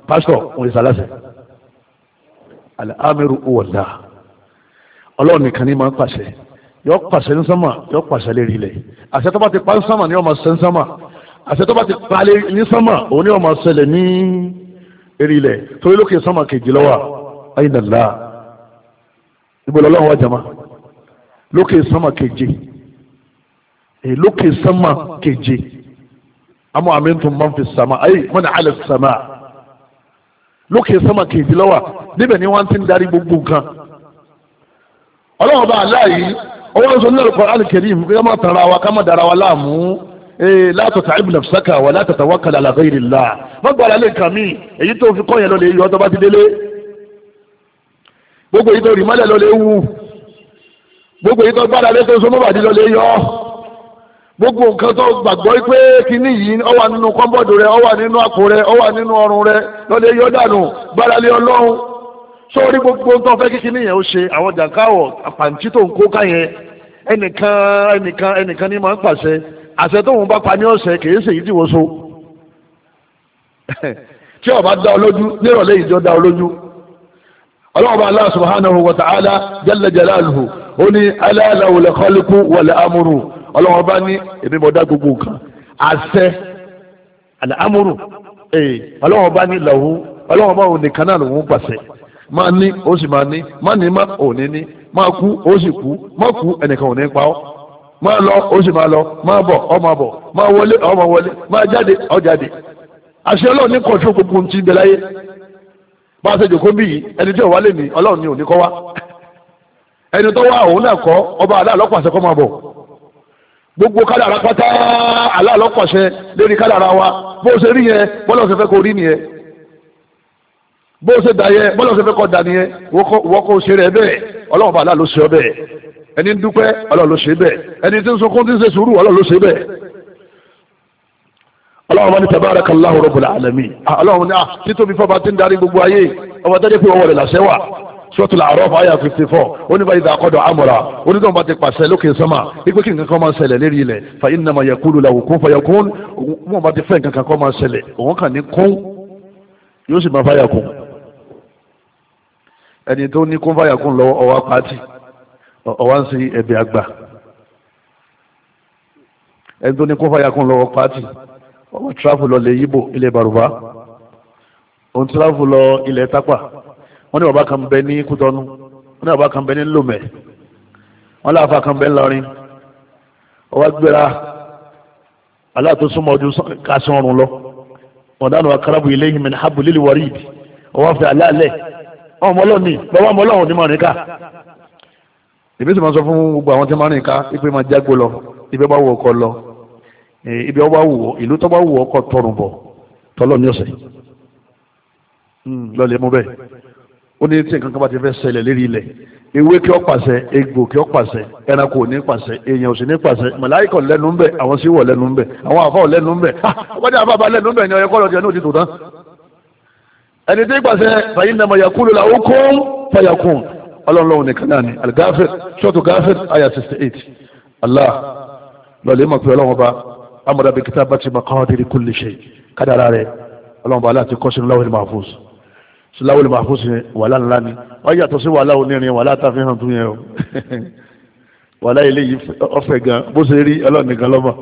pásítọ̀ òun ìsàlásẹ̀ alamiru wọ̀lá ọlọ́run nìkan ní máa ń pàṣẹ yọ pàṣẹ ní sánmà yọ pàṣẹ lérí ilẹ̀ àṣẹ tó bá ti pa ní sánmà ni ọmọ ṣẹ ní sánmà àṣẹ tó bá ti pa ní sánmà òun ni ọmọ ṣẹlẹ̀ ní eré ilẹ̀ torí lókè sánmà kejì lọ́wọ́ ayinala ìbọ̀lọ́ ọlọ́run wà jama lókè sánmà keje lókè sánmà keje àmọ́ àmìntún máa ń fi sàmà ayé wọ́n ní alẹ́ sàmà lókè sánmà keje lọ́wà níbẹ̀ ni wọ́n ti ń darí gbogbo nǹkan ọlọ́run bá aláàyè ọwọ́ ló sọ nílẹ̀ Al-Qur'an Al-Karim bí wọ́n máa tara wa ká máa dara wa láàmú la tata'ib nafsaka wa la tatawakkal ala ghayrillah wọ́n gbọ́ lè kàn mí èyí tó fi kọ́ yẹn lọ lè yọ ọtọ́ bá ti délé. gbogbo yìí tó rì mọ́lẹ̀ lọ wù gbogbo yìí tó gbára lé tó sọmọ́bàdì lọ yọ gbogbo nǹkan tó gbàgbọ́ pé kinní yìí ó wà nínú kọ́ńbọ̀dù rẹ ọ wà nínú àpò rẹ ọ wà nínú ọrùn rẹ lọ lè yọ dànù gbára lé ọlọ́run sórí gbogbo tó fẹ́ kí kinní yẹn ó ṣe àwọn jàǹkáwọ̀ àpàǹtí tó ń kó ká yẹn ẹnìkan ẹnìkan ẹnìkan ní máa ń pàṣẹ àṣẹ tóun bá pa ní ọ̀sẹ̀ kì í ṣèyí tí wọ́n so tí ọba da dá ọ lójú nírọ̀lẹ́ ìjọ da ọ lójú ọlọ́ọ̀bá Allah subhanahu wa ta'ala jalla jalaluhu ó ní ala lahul khalqu wal amru ọlọ́ọ̀bá ní èmi bọ̀dá gbogbo nǹkan àṣẹ al-amru ee eh, ọlọ́ọ̀bá ní làwù ọlọ́ọ̀bá òun nìkan náà lòun pàṣẹ máa ní ó sì máa ní má ní má ò ní ní máa kú ó sì kú má kú ẹnìkan ò ní pa ọ́ máa lọ ó sì máa lọ máa bọ̀ ọ máa bọ̀ máa wọlé ọ máa wọlé máa jáde ọ jáde àṣẹ ọlọ́ọ̀ ní kọ̀ọ̀tún gbogbo ti bẹ̀ láyé bá a ṣe jòkó ọwa ẹni tí ò lè ní ọlọ́run ni ẹni tó wá òun ọba aláàlọ́pàṣẹ kọ́ máa bọ̀ gbogbo kádàrá pátá aláàlọ́pàṣẹ lórí kádàrá wa bó o ṣe rí yẹn bọ́lá ọ̀sẹ̀ fẹ́ kó rí nìyẹn bó o ṣe dà yẹn bọ́lá ọ̀sẹ̀ fẹ́ kó dà nìyẹn wọ́n kó ṣe rẹ̀ ọlọ́run wọn ni tabaraka Allahu rabbul alamin ah, ọlọ́run ní à ah, títóbi fọba tí ń darí gbogbo ayé ọba tó dé pé ọwọ́ rẹ̀ làṣẹ wà sọ́tù làárọ̀ fàáyà fifty four oníbà ìdá àkọ́dọ̀ àmọ̀ra onídọ̀ bá ti pàṣẹ lókè sọ́mà pípé kí nǹkan kan máa ṣẹlẹ̀ lérí ilẹ̀ fa innama yaqulu lahu kun fayakun wọn bá ti fẹ́ nǹkan kan kan máa ṣẹlẹ̀ òun kàn ní kún yóò sì máa fàáyà kún ẹni tó ní kún fàáyà kún lọ ọwọ́ pàtì ọwọ́ ń sin ẹ̀bẹ̀ àgbà ẹni tó ní kún fàáyà kún lọ pàtì ọmọ tíráfù lọ lè yíbò ilẹ̀ bàrùbá òun tíráfù lọ ilẹ̀ tápà wọ́n ní bàbá kan bẹ ní kútọ́nù wọ́n ní bàbá kan bẹ ní lòmẹ̀ wọ́n láàfà kan bẹ ńlọrin ọwọ́ gbéra aláàtò súnmọ́ ọdún kásán ọrùn lọ wọ́n dánù akarabu ilé yìí mẹ́ni habu líli wọ̀rí ìdí ọwọ́ fẹ́ aláàlẹ̀ ọmọ ọlọ́ọ̀ni bàbá ọmọ ọlọ́ọ̀ni mọ̀ níkà ìbísí máa sọ fún gbogbo àwọn tí máa rìn ká ipe máa jágbó lọ ipe bá wọ̀ lọ ibi ọba wù ọ ìlú tọ́ba wù ọ kọ́ tọrùn bọ̀ tọ́lọ́ ní ọ̀sẹ̀ hmm, lọ́lẹ̀ mú bẹ́ẹ̀ ó ní tí nǹkan kan bá ti fẹ́ ṣẹlẹ̀ lérí ilẹ̀ ewé kí ó pàṣẹ egbò kí ó pàṣẹ ẹranko ò ní pàṣẹ èèyàn ò ní pàṣẹ màláìkà lẹ́nu ńbẹ àwọn síwọ̀ lẹ́nu ńbẹ àwọn àfọ̀ lẹ́nu ńbẹ ah, ọgbọ́dọ̀ àbábá lẹ́nu ńbẹ ni ọyọ kọ́ lọ́dún ẹni òtítù tán ẹni tí pàṣẹ fàyín nàmọ yakulu la ó kún fàyàkùn ọlọ́run nìkan náà ni algafir ṣọ́ọ̀tù gafir ayah sixty eight allah lọ́ọ̀lẹ́ mọ̀ pé ọlọ́run ọba amọ̀dà bí kitabati maqadiri kulli shay kádàrà rẹ̀ ọlọ́run bá aláàtí kọ́ sínú láwùlì mahfuz sínú láwùlì mahfuz yẹn wàhálà ńlá ni wọ́n yàtọ̀ sí wàhálà onírin wàhálà tá a fi hàn tún yẹn o wàhálà ilé yìí ọ̀fẹ́ gan bó ṣe rí ọlọ́run nìkan lọ́mọ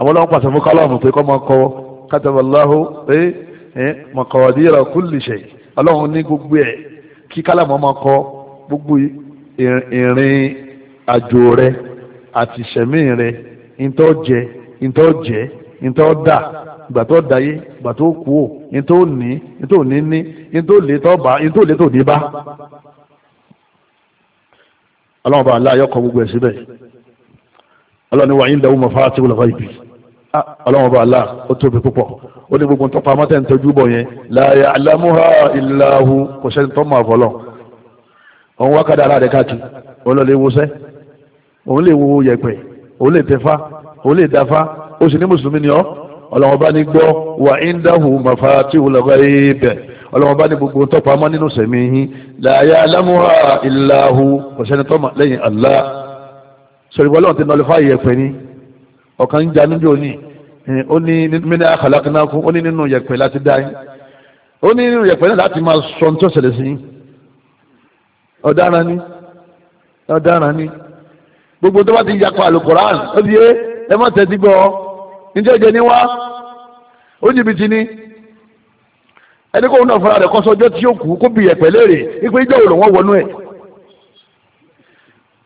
àwọn ọlọ́run pàṣẹ fún kálọ̀mù pé kọ́ máa kọ́ kataballahu pé maqadira kulli shay ọlọ́run ní gbogbo ẹ̀ gbogbo ntọ́ jẹ́ ntọ́ dà ìgbà tó dayé ìgbà tó kú ò ntọ́ ní ntọ́ ní ní ntọ́ lè tọ́ bá ntọ́ lè tọ́ ní bá. ọlọ́run bá aláyọ̀ kọ gbogbo ẹ̀ síbẹ̀ ọlọ́run ni wàyí ń dẹ̀wọ́ mafatihul ghaibi ọlọ́run bá aláà ó tóbi púpọ̀ ó ní gbogbo ntọ́pọ̀ amọ́tẹ́ ń tọ́jú bọ̀ yẹn la ya'lamuha illa hu kò sẹ́ni tó máa fọlọ́ òun wákàtí ara káàkiri òun lọ lè wọṣẹ́ òun lè wo yẹ̀pẹ̀ òun lè tẹ̀fá òun lè dáfá ó sì ní mùsùlùmí ni ọ́ ọlọ́wọ́n bá ní gbọ́ wà indahu mafatihul ghaib ọlọ́wọ́n bá ní gbogbo tọ́pamọ́ nínú sẹ̀mí yín la ya'lamuha illa hu kò sẹ́ni tọ́mọ lẹ́yìn Allah sọ̀rọ̀ ọlọ́run ti nọlẹ́fà yẹ̀pẹ̀ ni ọ̀kan ń jà níjọ́ ni ó ní mímí àkàlákínákú ó ní nínú yẹ̀pẹ̀ láti dá yín ó ní nínú yẹ̀pẹ̀ náà láti máa sọ ní tó sí yín ọ̀daràn ni ọ̀daràn ni gbogbo tó bá ti yapa àlùkùránì ó di é ẹ má tẹ́tí gbọ́ níjẹ́ ìjẹ́ níwá ó jìbìtì ni ẹni kó náà fúnra rẹ̀ kọ́ sọ́jọ́ tí ó kú kó bì ẹ̀pẹ̀ léèrè ipò ìjọ òòlù wọn wọnú ẹ̀.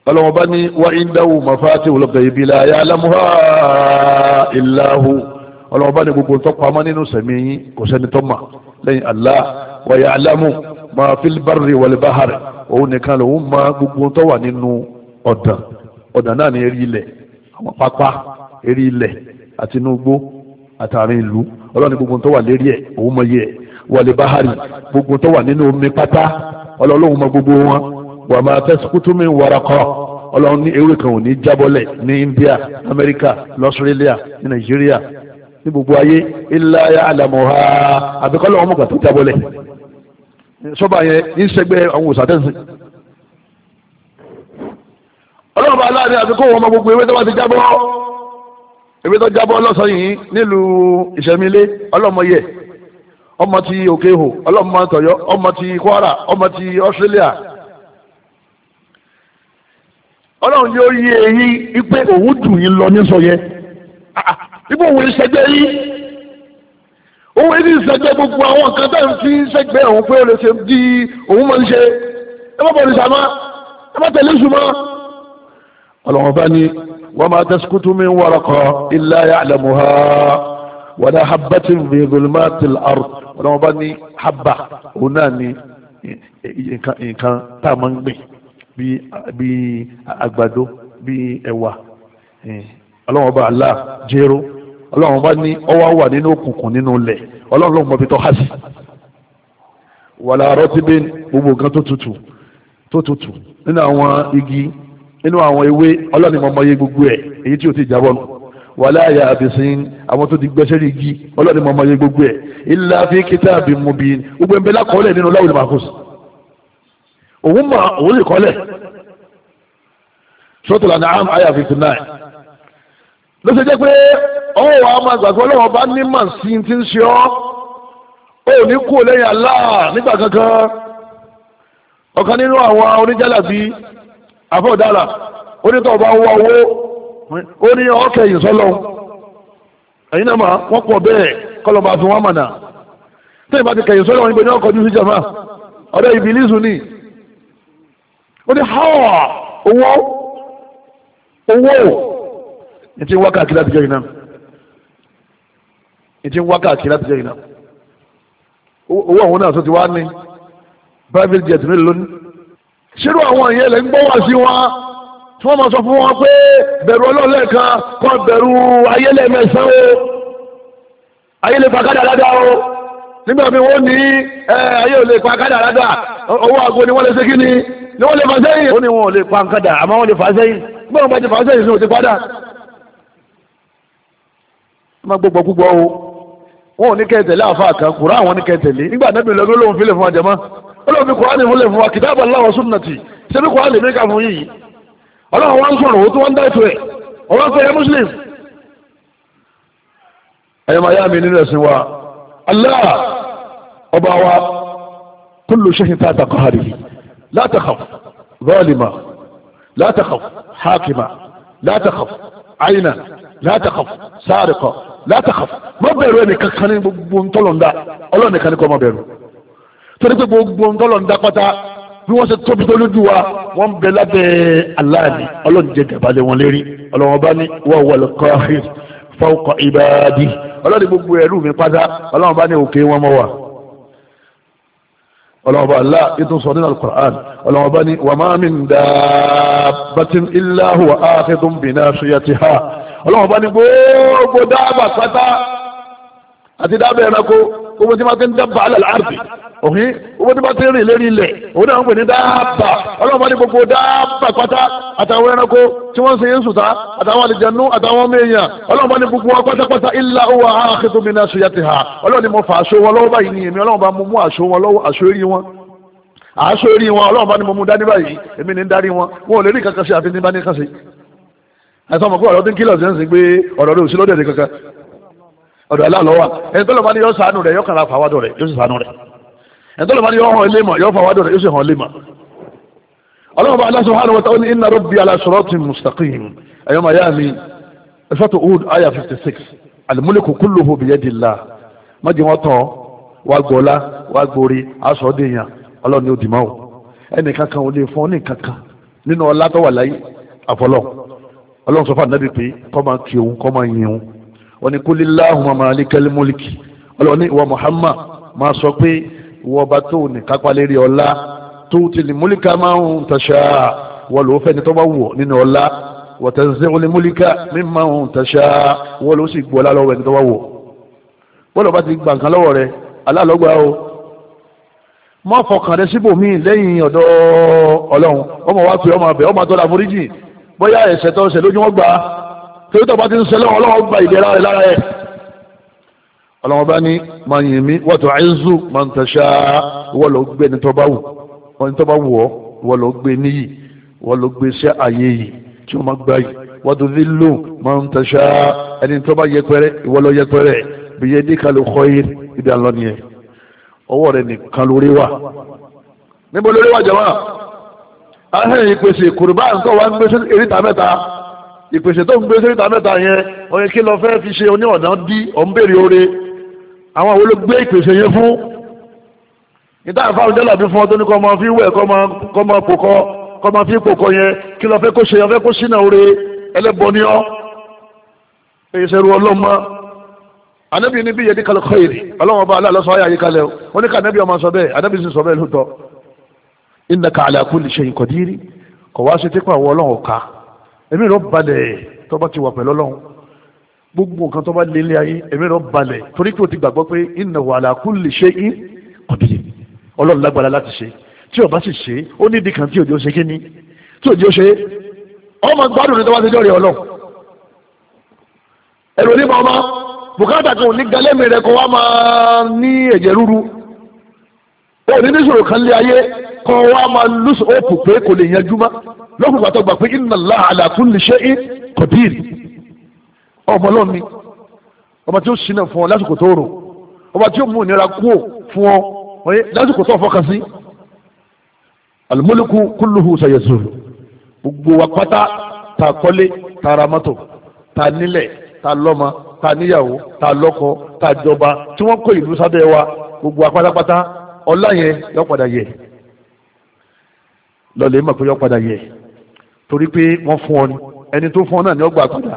ọlọ́wọ́n bá ní wá ìdáwó màfáàtì olóògbé ibi la yà lámúhà ìlàhù ọlọ́wọ́n bá ní gbogbo tọ́pamọ́ nínú sẹ̀mí yín kò sẹ́ni tọ́mà lẹ́yìn Allah wa ya'lamu ma fil barri wal bahar òun nìkan lòun máa gbogbo tọ́wà nínú ọ̀dàn ọ̀dàn náà ní erí ilẹ̀ àwọn pápá eré ilẹ̀ àti inú igbó àtàrin ìlú ọlọ́run ní gbogbo tó wà lérí ẹ̀ òun mọ iye ẹ̀ wọlé báhárì gbogbo tó wà nínú omi pátá ọlọ́run mọ gbogbo wọn wà máa tẹ́síkútú mi wàràkọ́ ọlọ́run ní ewé kan ò ní jábọ́lẹ̀ ní India Amẹ́ríkà lọ́sírẹ́líà ní Nàìjíríà ní gbogbo ayé ilá àlàmọ̀ha àbíkọ́lọ́wọ́n mọ̀gbà tó jábọ́lẹ̀ sọ́ba yẹn ń sẹ́gbẹ́ àwọn òṣàtẹ́sìn ọlọ́run bá láàrin àti kóhùn ọmọ gbogbo ewé tó bá ti jábọ́ ewé tó jábọ́ lọ́sàn yìí nílùú ìṣẹ̀mílé ọlọ́mọ yẹ ọmọ ti òkè ọlọ́mọ tọ̀yọ́ ọmọ ti kwara ọmọ ti Australia ọlọ́run yóò yí èyí ipe òun dùn yín lọ ní sọ yẹ ah, ibo òun ìṣẹ́gbẹ́ yìí òun èyí ìṣẹ́gbẹ́ gbogbo àwọn kan tẹ́ ń fi ṣẹ́gbẹ́ òun pé ó lè ṣe di òun máa ń ṣe ẹ má bọ̀ ní sàmá ẹ má tẹ̀lé sùn ọlọ́wọ́n bá ní wa ma tasqutu min waraqa illa ya'lamuha wala habbatin fi dhulumatil ard ọlọ́wọ́n bá ní habba òun náà ní nǹkan tá a máa ń gbìn bí àgbàdo bí ẹ̀wà ọlọ́wọ́n bá Allah jéró ọlọ́run bá ní ọwọ́ wà nínú òkùnkùn nínú ilẹ̀ ọlọ́run ló mọ̀ bí tọ́ hásì wàlà rọtíbìn gbogbo nǹkan tó tutù tó tutù nínú àwọn igi nínú àwọn ewé ọlọ́ni mọ̀ mọ̀ye gbogbo ẹ̀ èyí tí o ti jábọ̀ nù wàlẹ́ àyà àbẹ̀sìn àwọn tó ti gbẹ́sẹ̀ rí igi ọlọ́ni mọ̀ gbogbo ẹ̀ ilà fi kitab mubin gbogbo ẹ̀ ń bẹ lákọọ́lẹ̀ nínú láwùjọ màkús òun mọ̀ òun lè kọ́lẹ̀ sọ́tò lànà àm àyà fifty nine ló ṣe jẹ́ pé ọwọ́ wa máa gbàgbọ́ ọlọ́wọ́ bá ní màá sí ti ń ṣe ọ́ ó ní kú lẹ́yìn Allah nígbà kankan ọ̀kan nínú àwọn oníjàlá bíi àfọ̀dàlà onítọ̀ bá wá owó ó ní ọ̀kẹ́ yìí sọ́lọ́ ẹ̀yin náà mà wọ́n pọ̀ bẹ́ẹ̀ kọ́lọ̀ bá fi wọ́n mọ̀nà tẹ́yìn bá ti kẹ̀yìn sọ́lọ́ wọn bụ ni wọ́n kọjú ọ jama ọ̀dọ̀ ìbílísù ni ó ní háwà owó owó ní ti wákàtí láti láti jẹ́ owó àwọn náà ti wá ní private jet mélòó lónìí ṣírò àwọn ìyẹn lè ń gbọ́ wá sí wọn tí wọ́n máa sọ fún wọn pé bẹ̀rù ọlọ́ọ̀lẹ́ kan kọ́ bẹ̀rù ayélẹ̀ mẹ́sàn-án o ayélẹ̀ pàkádà dáadáa o nígbà mi wọ́n ní ayé ò lè pàkádà dáadáa owó àgbo ni wọ́n lè ṣe kí ni ni wọ́n lè fà sẹ́yìn. ó ní wọn ò lè pa nkádà àmọ́ wọ́n lè fà sẹ́yìn bí wọ́n bá ti fà sẹ́yìn sí òtí padà. wọ́n máa gbogbo gbogbo o wọn ò ní kẹ́ tẹ̀lé àfa àkàkùrọ̀ àwọn ní kẹ́ nígbà ọlọ́run fi kọ́ránì múlẹ̀ fún wa kìtàbà láwọn súnnàtì ṣe bí kọ́ránì mẹ́ka fún yìí ọlọ́run wá ń sọ̀rọ̀ ó tún wá ń dáìtò ẹ̀ ọwọ́ fẹ́ yẹ muslim ẹ̀yẹ máa yá mi nínú ẹ̀sìn wa Allah ọba wa kullu shay'in tahta qahrihi la takhaf zalima la takhaf hakima la takhaf aina la takhaf sariqa la takhaf ní gbogbo ntọ́lọ̀ ń dá torí pé gbogbo ńdọ́lọ̀ ń dápátá bí wọ́n ṣe tóbi tó lójú wa wọ́n ń bẹ lábẹ́ aláàní ọlọ́run jẹ gàbalẹ̀ wọn lérí ọlọ́run bá ní wọ́n wà lọ́kọ́ fọ́ọ̀kọ́ ìbáàdì ọlọ́run gbogbo ẹ̀rú mi pátá ọlọ́run bá ní òkè wọn mọ́ wa ọlọ́run bá lá ètò sọ nínú alukur'an ọlọ́run bá ní wà má min dabbatin illa huwa ákẹ́tùn bìnnà ṣiyàtì ha bá ní gbogbo dáàbà pátá àti dábẹ́ ẹranko gbogbo tí wọ́n ti ń dábàá alẹ́ àrùbí òhìn gbogbo tí wọ́n ti rìn lérí ilẹ̀ òun náà ń pè ní dábàá ọlọ́run bá ní gbogbo dábàá pátá àtàwọn ẹranko tí wọ́n sì ń sùtá àtàwọn àlìjẹnú àtàwọn ọmọ èèyàn ọlọ́run bá ní gbogbo wọn pátápátá illa huwa akhidhu min nasiyatiha ọlọ́run ni mo fa aṣọ wọn lọ́wọ́ báyìí ni èmi ọlọ́run bá mú mú aṣọ wọn lọ́wọ́ aṣọ eré ọ̀dọ̀ aláàlọ́wà ẹni tó lọ bá ní yọ sànù rẹ̀ yọ kàrà fàwádọ̀ rẹ̀ yóò sì sànù rẹ̀ ẹni tó lọ bá ní yọ hàn ilé mọ̀ yọ fàwádọ̀ rẹ̀ yóò sì hàn ilé mọ̀ ọlọ́run bá Allah subhanahu wa ta'ala ní inna rabbi ala siratin mustaqim ẹ̀yọ́ màá yá mi ẹ̀fọ́tò Hud aya fifty six al-mulku kulluhu biyadillah májì wọn tán wá gbọ́lá wá gbórí aṣọ dèèyàn ọlọ́run ni ó dì máwò ẹnì kankan ò lè fún ọ ní wọ́n ní kulillahumma malikal mulki ọlọ́wọ́n ní ìwọ Muhammad máa sọ pé ìwọ ọba tó ní kápá lérí ọlá tó ti lè múlíkà máa ń tàṣà wọ́n ló fẹ́ ni tó bá wù ọ́ nínú ọlá wa tanzi'ul mulka mimman tasha wọ́n ló sì gbọ́ ọlá ẹni tó bá wù ọ́ wọ́n lọ́ba ti gbà nǹkan lọ́wọ́ rẹ̀ alálọ́gbà o mọ́ fọkàn rẹ síbòmíì lẹ́yìn ọ̀dọ̀ ọlọ́run ọmọ wa pè ọmọ abẹ ọmọ àtọ́lá foríjì bóyá ẹ̀ṣẹ̀ tó ṣẹ̀ lójú wọn gbà torí tọ́ba ti ń sẹ́lẹ̀ ọlọ́wọ́ gba ìlera rẹ̀ lára ẹ̀ ọlọ́wọ́ bá ní máa yìn mí wọ́tò àìsù máa ń tẹ̀sà ìwọ ló gbé ní tọ́ba wù wọ́n ní tọ́ba wù ọ́ ìwọ ló gbé níyì ìwọ ló gbé sí àyè yìí tí wọ́n máa gbá yìí wọ́tò lílo máa ń tẹ̀sà ẹni tọ́ba yẹpẹrẹ ìwọ ló yẹpẹrẹ bìyẹn ní kalu kọ́yé ibi àlọ́ nìyẹn ọwọ́ rẹ̀ nìkan lórí wà níbo lórí wà jama ahẹ́n ìpèsè kùrùbá nǹkan wà ń gbé sí eréta mẹ́ta ìpèsè tó ń gbé síta mẹ́ta yẹn oye kí lọ fẹ́ fi ṣe oní ọ̀nà dí ọ̀nbèrè oore àwọn àwọn olóògbé ìpèsè yẹn fún níta àfáà ọjọ́ làbí fún ọ tó ní kọ́ máa fi wẹ̀ kọ́ máa pò kọ́ kọ́ máa fi pò kọ́ yẹn kí lọ fẹ́ kó ṣe ọfẹ́ kó sínà oore ẹlẹ́bọ ní ọ́ èyí ṣe ru ọlọ́mọ anábì níbi yẹn ní kalẹ̀ kọ́ èrè ọlọ́wọ́n ọba aláàlọ́sọ ayé àyíkalẹ̀ ó ní kànábì ọmọ sọ bẹ́ẹ̀ anábì sì sọ bẹ́ẹ̀ lóòótọ́ innaka ala kulli shay'in qadir kọ̀ wá sí tipa àwọn ọlọ́run ká ẹ̀mí rẹ̀ balẹ̀ tó bá ti wà pẹ̀lú ọlọ́run gbogbo nǹkan tó bá lé ilé ayé ẹ̀mí rẹ̀ balẹ̀ torí pé o ti gbàgbọ́ pé innahu ala kulli shay'in qadir ọlọ́run lágbára láti ṣe tí o bá sì ṣe ó ní ìdí kan tí òjò ṣe kí ni tí òjò ṣe ọmọ gbádùn ní tó bá ti ọlọ́run ẹ̀rọ ní bàbá bùkátà kan ò ní galẹ́mì rẹ̀ kó wá máa ní ẹ̀jẹ̀ rúru ó ní níṣòro kan lé ayé kó wá máa lùsùn ó pù kò lè yanjú mọ́ lọ́kùnrin pàtó gbà pé inna Allah ala kulli shay'in qadir ọmọ ọlọ́run ni ọba tí ó sinà fún ọ lásìkò tó rò ọba tí ó mú ìnira kú fún ọ oye lásìkò tó fọkàn sí al-mulku kulluhu gbogbo wa pátá ta kọ́lé ta ra mọ́tò ta nílẹ̀ ta lọ́mọ ta níyàwó ta lọ́kọ ta jọba tí wọ́n kó ìlú sábẹ́ wa gbogbo wa pátápátá ọlá yẹn yọ padà yẹ lọ́lẹ̀ pé yọ padà yẹ torí pé wọ́n fún ọ ni ẹni tó fún ọ náà ni ó gbà padà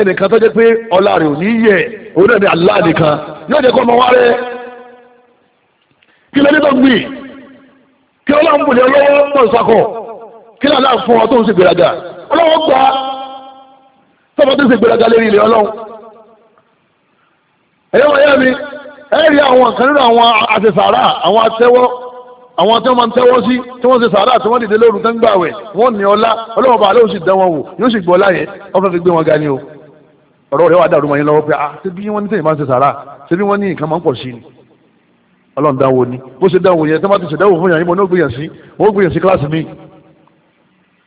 ẹnìkan tó jẹ́ pé ọlá rẹ̀ ò ní yẹ òun náà ni Allah nìkan yóò jẹ́ kó ọmọ wa rẹ̀ kí lóde tó gbìn kí ọlọ́run bùnì ọlọ́wọ́ mọ̀ ìsakọ̀ kí lọ́la fún ọ tó ń ṣe gbèrágà ọlọ́wọ́ gbà tọ́pọ̀ tó ń ṣe gbèrágà lérí ilẹ̀ ọlọ́run ẹ̀yọ́ wọ̀nyẹ́ mi ẹ̀rí àwọn kan nínú àwọn àṣẹṣàrà àwọn atẹ́wọ́ àwọn tí wọ́n máa ń tẹ́wọ́ sí tí wọ́n ṣe sàárà tí wọ́n dìde lóru tán gbà wẹ̀ wọ́n ní ọlá ọlọ́wọ́ bá aláwọ̀ sì dán wọn wò yóò sì gbọ́ ọlá yẹn wọ́n fẹ́ fi gbé wọn ga ni o ọ̀rọ̀ rẹ̀ wà dàrú mọ́ yín lọ́wọ́ pé ah ṣé bí wọ́n ní tẹ̀yìn máa ń ṣe sàárà ṣé bí wọ́n ní nǹkan máa ń pọ̀ sí ni ọlọ́run dáwọ́ ni bó ṣe dáwọ́ yẹn tó bá ti ṣèdáwọ́ fún yàn yín mo ní ó gbìyàn sí kíláàsì mi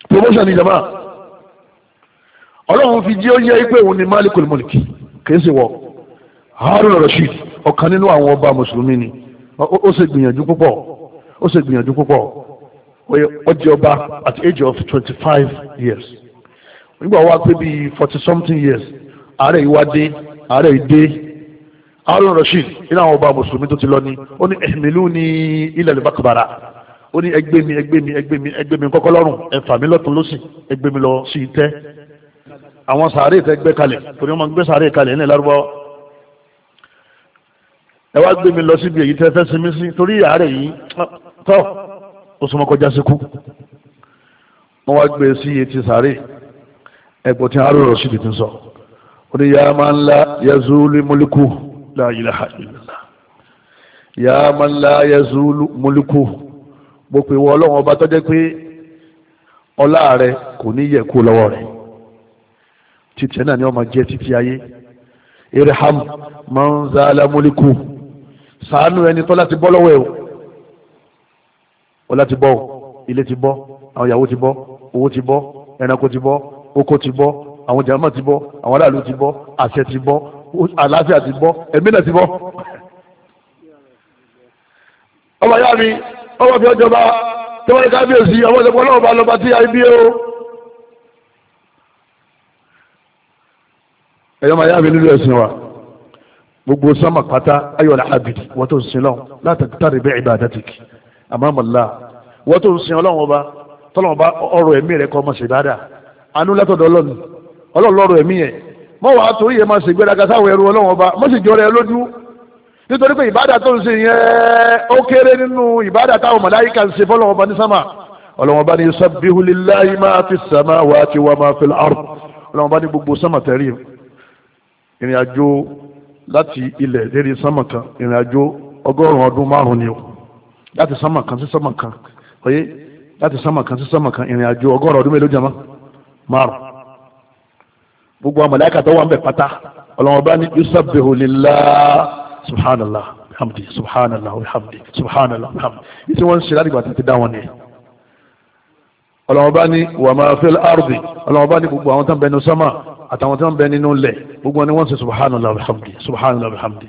promotion ni jama ọlọ́run fi jí ó yẹ pé òun ni malikul mulki kìí ṣe wọ harun rashid ó sì gbìyànjú púpọ̀ ó jẹ́ ọba at age of twenty five years nígbà wá pé bíi forty something years ààrẹ yìí wá dé ààrẹ yìí dé Harun Rashid nínú àwọn ọba mùsùlùmí tó ti lọ ni ó ní ẹ̀mílú ní ilẹ̀ lùbákàbàrà ó ní ẹgbẹ́ mi ẹgbẹ́ mi ẹgbẹ́ mi ẹgbẹ́ mi kọ́kọ́ lọ́rùn ẹ̀fà mi lọ́tún lọ́sìn ẹgbẹ́ mi lọ sí ìtẹ́ àwọn sàárè tẹ gbé kalẹ̀ torí wọn gbé sàárè kalẹ̀ ní ìlárúbọ ẹ wá gbé mi lọ síbi èyí tẹ fẹ́ sinmi sí torí ààrẹ yìí tọ́ ó sọmọ kọjá síkú wọ́n wá gbé sí etí sàárè ẹgbọ́n tí arúgbó sí ti sọ oníyàá máa ń la yazuli mulku la ilaha illallah ya man la yazulu mulku bó pe wọ ọlọ́run ọba tọ́jẹ́ pé ọlá rẹ kò ní yẹ kó lọ́wọ́ rẹ títí náà ni ọmọ jẹ títí ayé irham man zala mulku sàánú ẹni tọ́ láti bọ́ lọ́wọ́ ẹ̀ o ọlá ti bọ́ ilé ti bọ́ àwọn ìyàwó ti bọ́ owó ti bọ́ ẹranko ti bọ́ oko ti bọ́ àwọn jàmá ti bọ́ àwọn aráàlú ti bọ́ àṣẹ ti bọ́ àlàáfíà ti bọ́ ẹ̀mí náà ti bọ́. ọmọ ìyá mi ọmọ fi ọjọ́ bá tẹ́wọ́n ní kábíyèsí ọmọ ìṣẹ̀pọ̀ náà bá lọ́ba tí àìbí o. ẹ̀yọ́ máa yá mi nínú ẹ̀sìn wa gbogbo sọ́mà pátá ayọ̀ làbìdì wọ́n tó ń sin lọ́wọ́ látàkítà rẹ̀ bẹ́ẹ̀ ìbàdàtìkì àmàmàlá wọ́n tó ń sin ọlọ́run ọba tọ́lọ́run ọba ọrọ̀ ẹ̀mí rẹ̀ kọ́ ọmọ ṣe dáadáa anú látọ̀dọ̀ ọlọ́run ọlọ́run lọ́rọ̀ ẹ̀mí yẹn mọ́ wàá torí yẹn máa ṣègbéraga sáwọn ẹrú ọlọ́run ọba mọ́ sì jọra ẹ lójú nítorí pé ìbádà tó ń ṣe yẹn ó kéré nínú ìbádà táwọn màláyíkà ń ṣe fọ́lọ́run ọba ní sámà ọlọ́run ọba ní sábíhu máa fi sàmà wá ti wá máa fi àrùn ọlọ́run ọba ní láti sánmà kan sí sánmà kan oyé láti sánmà kan sí sánmà kan ìrìn àjò ọgọ́rùn ọdún mélòó jẹmọ́ márùn gbogbo àwọn màláíkà tó wà ń bẹ pátá ọlọ́wọ́n bá ní yusabbihu lillah subhanallah alhamdi subhanallah alhamdi subhanallah alhamdi ìtí wọ́n ń ṣe láti gbàtà ti dá wọn ni ọlọ́wọ́n bá ní wa ma fil ardi ọlọ́wọ́n bá ní gbogbo àwọn tó ń bẹ nínú sánmà àtàwọn tó ń bẹ nínú lẹ̀ gbogbo wọn ni wọ́n ń ṣe subhanallah alhamdi subhanallah alhamdi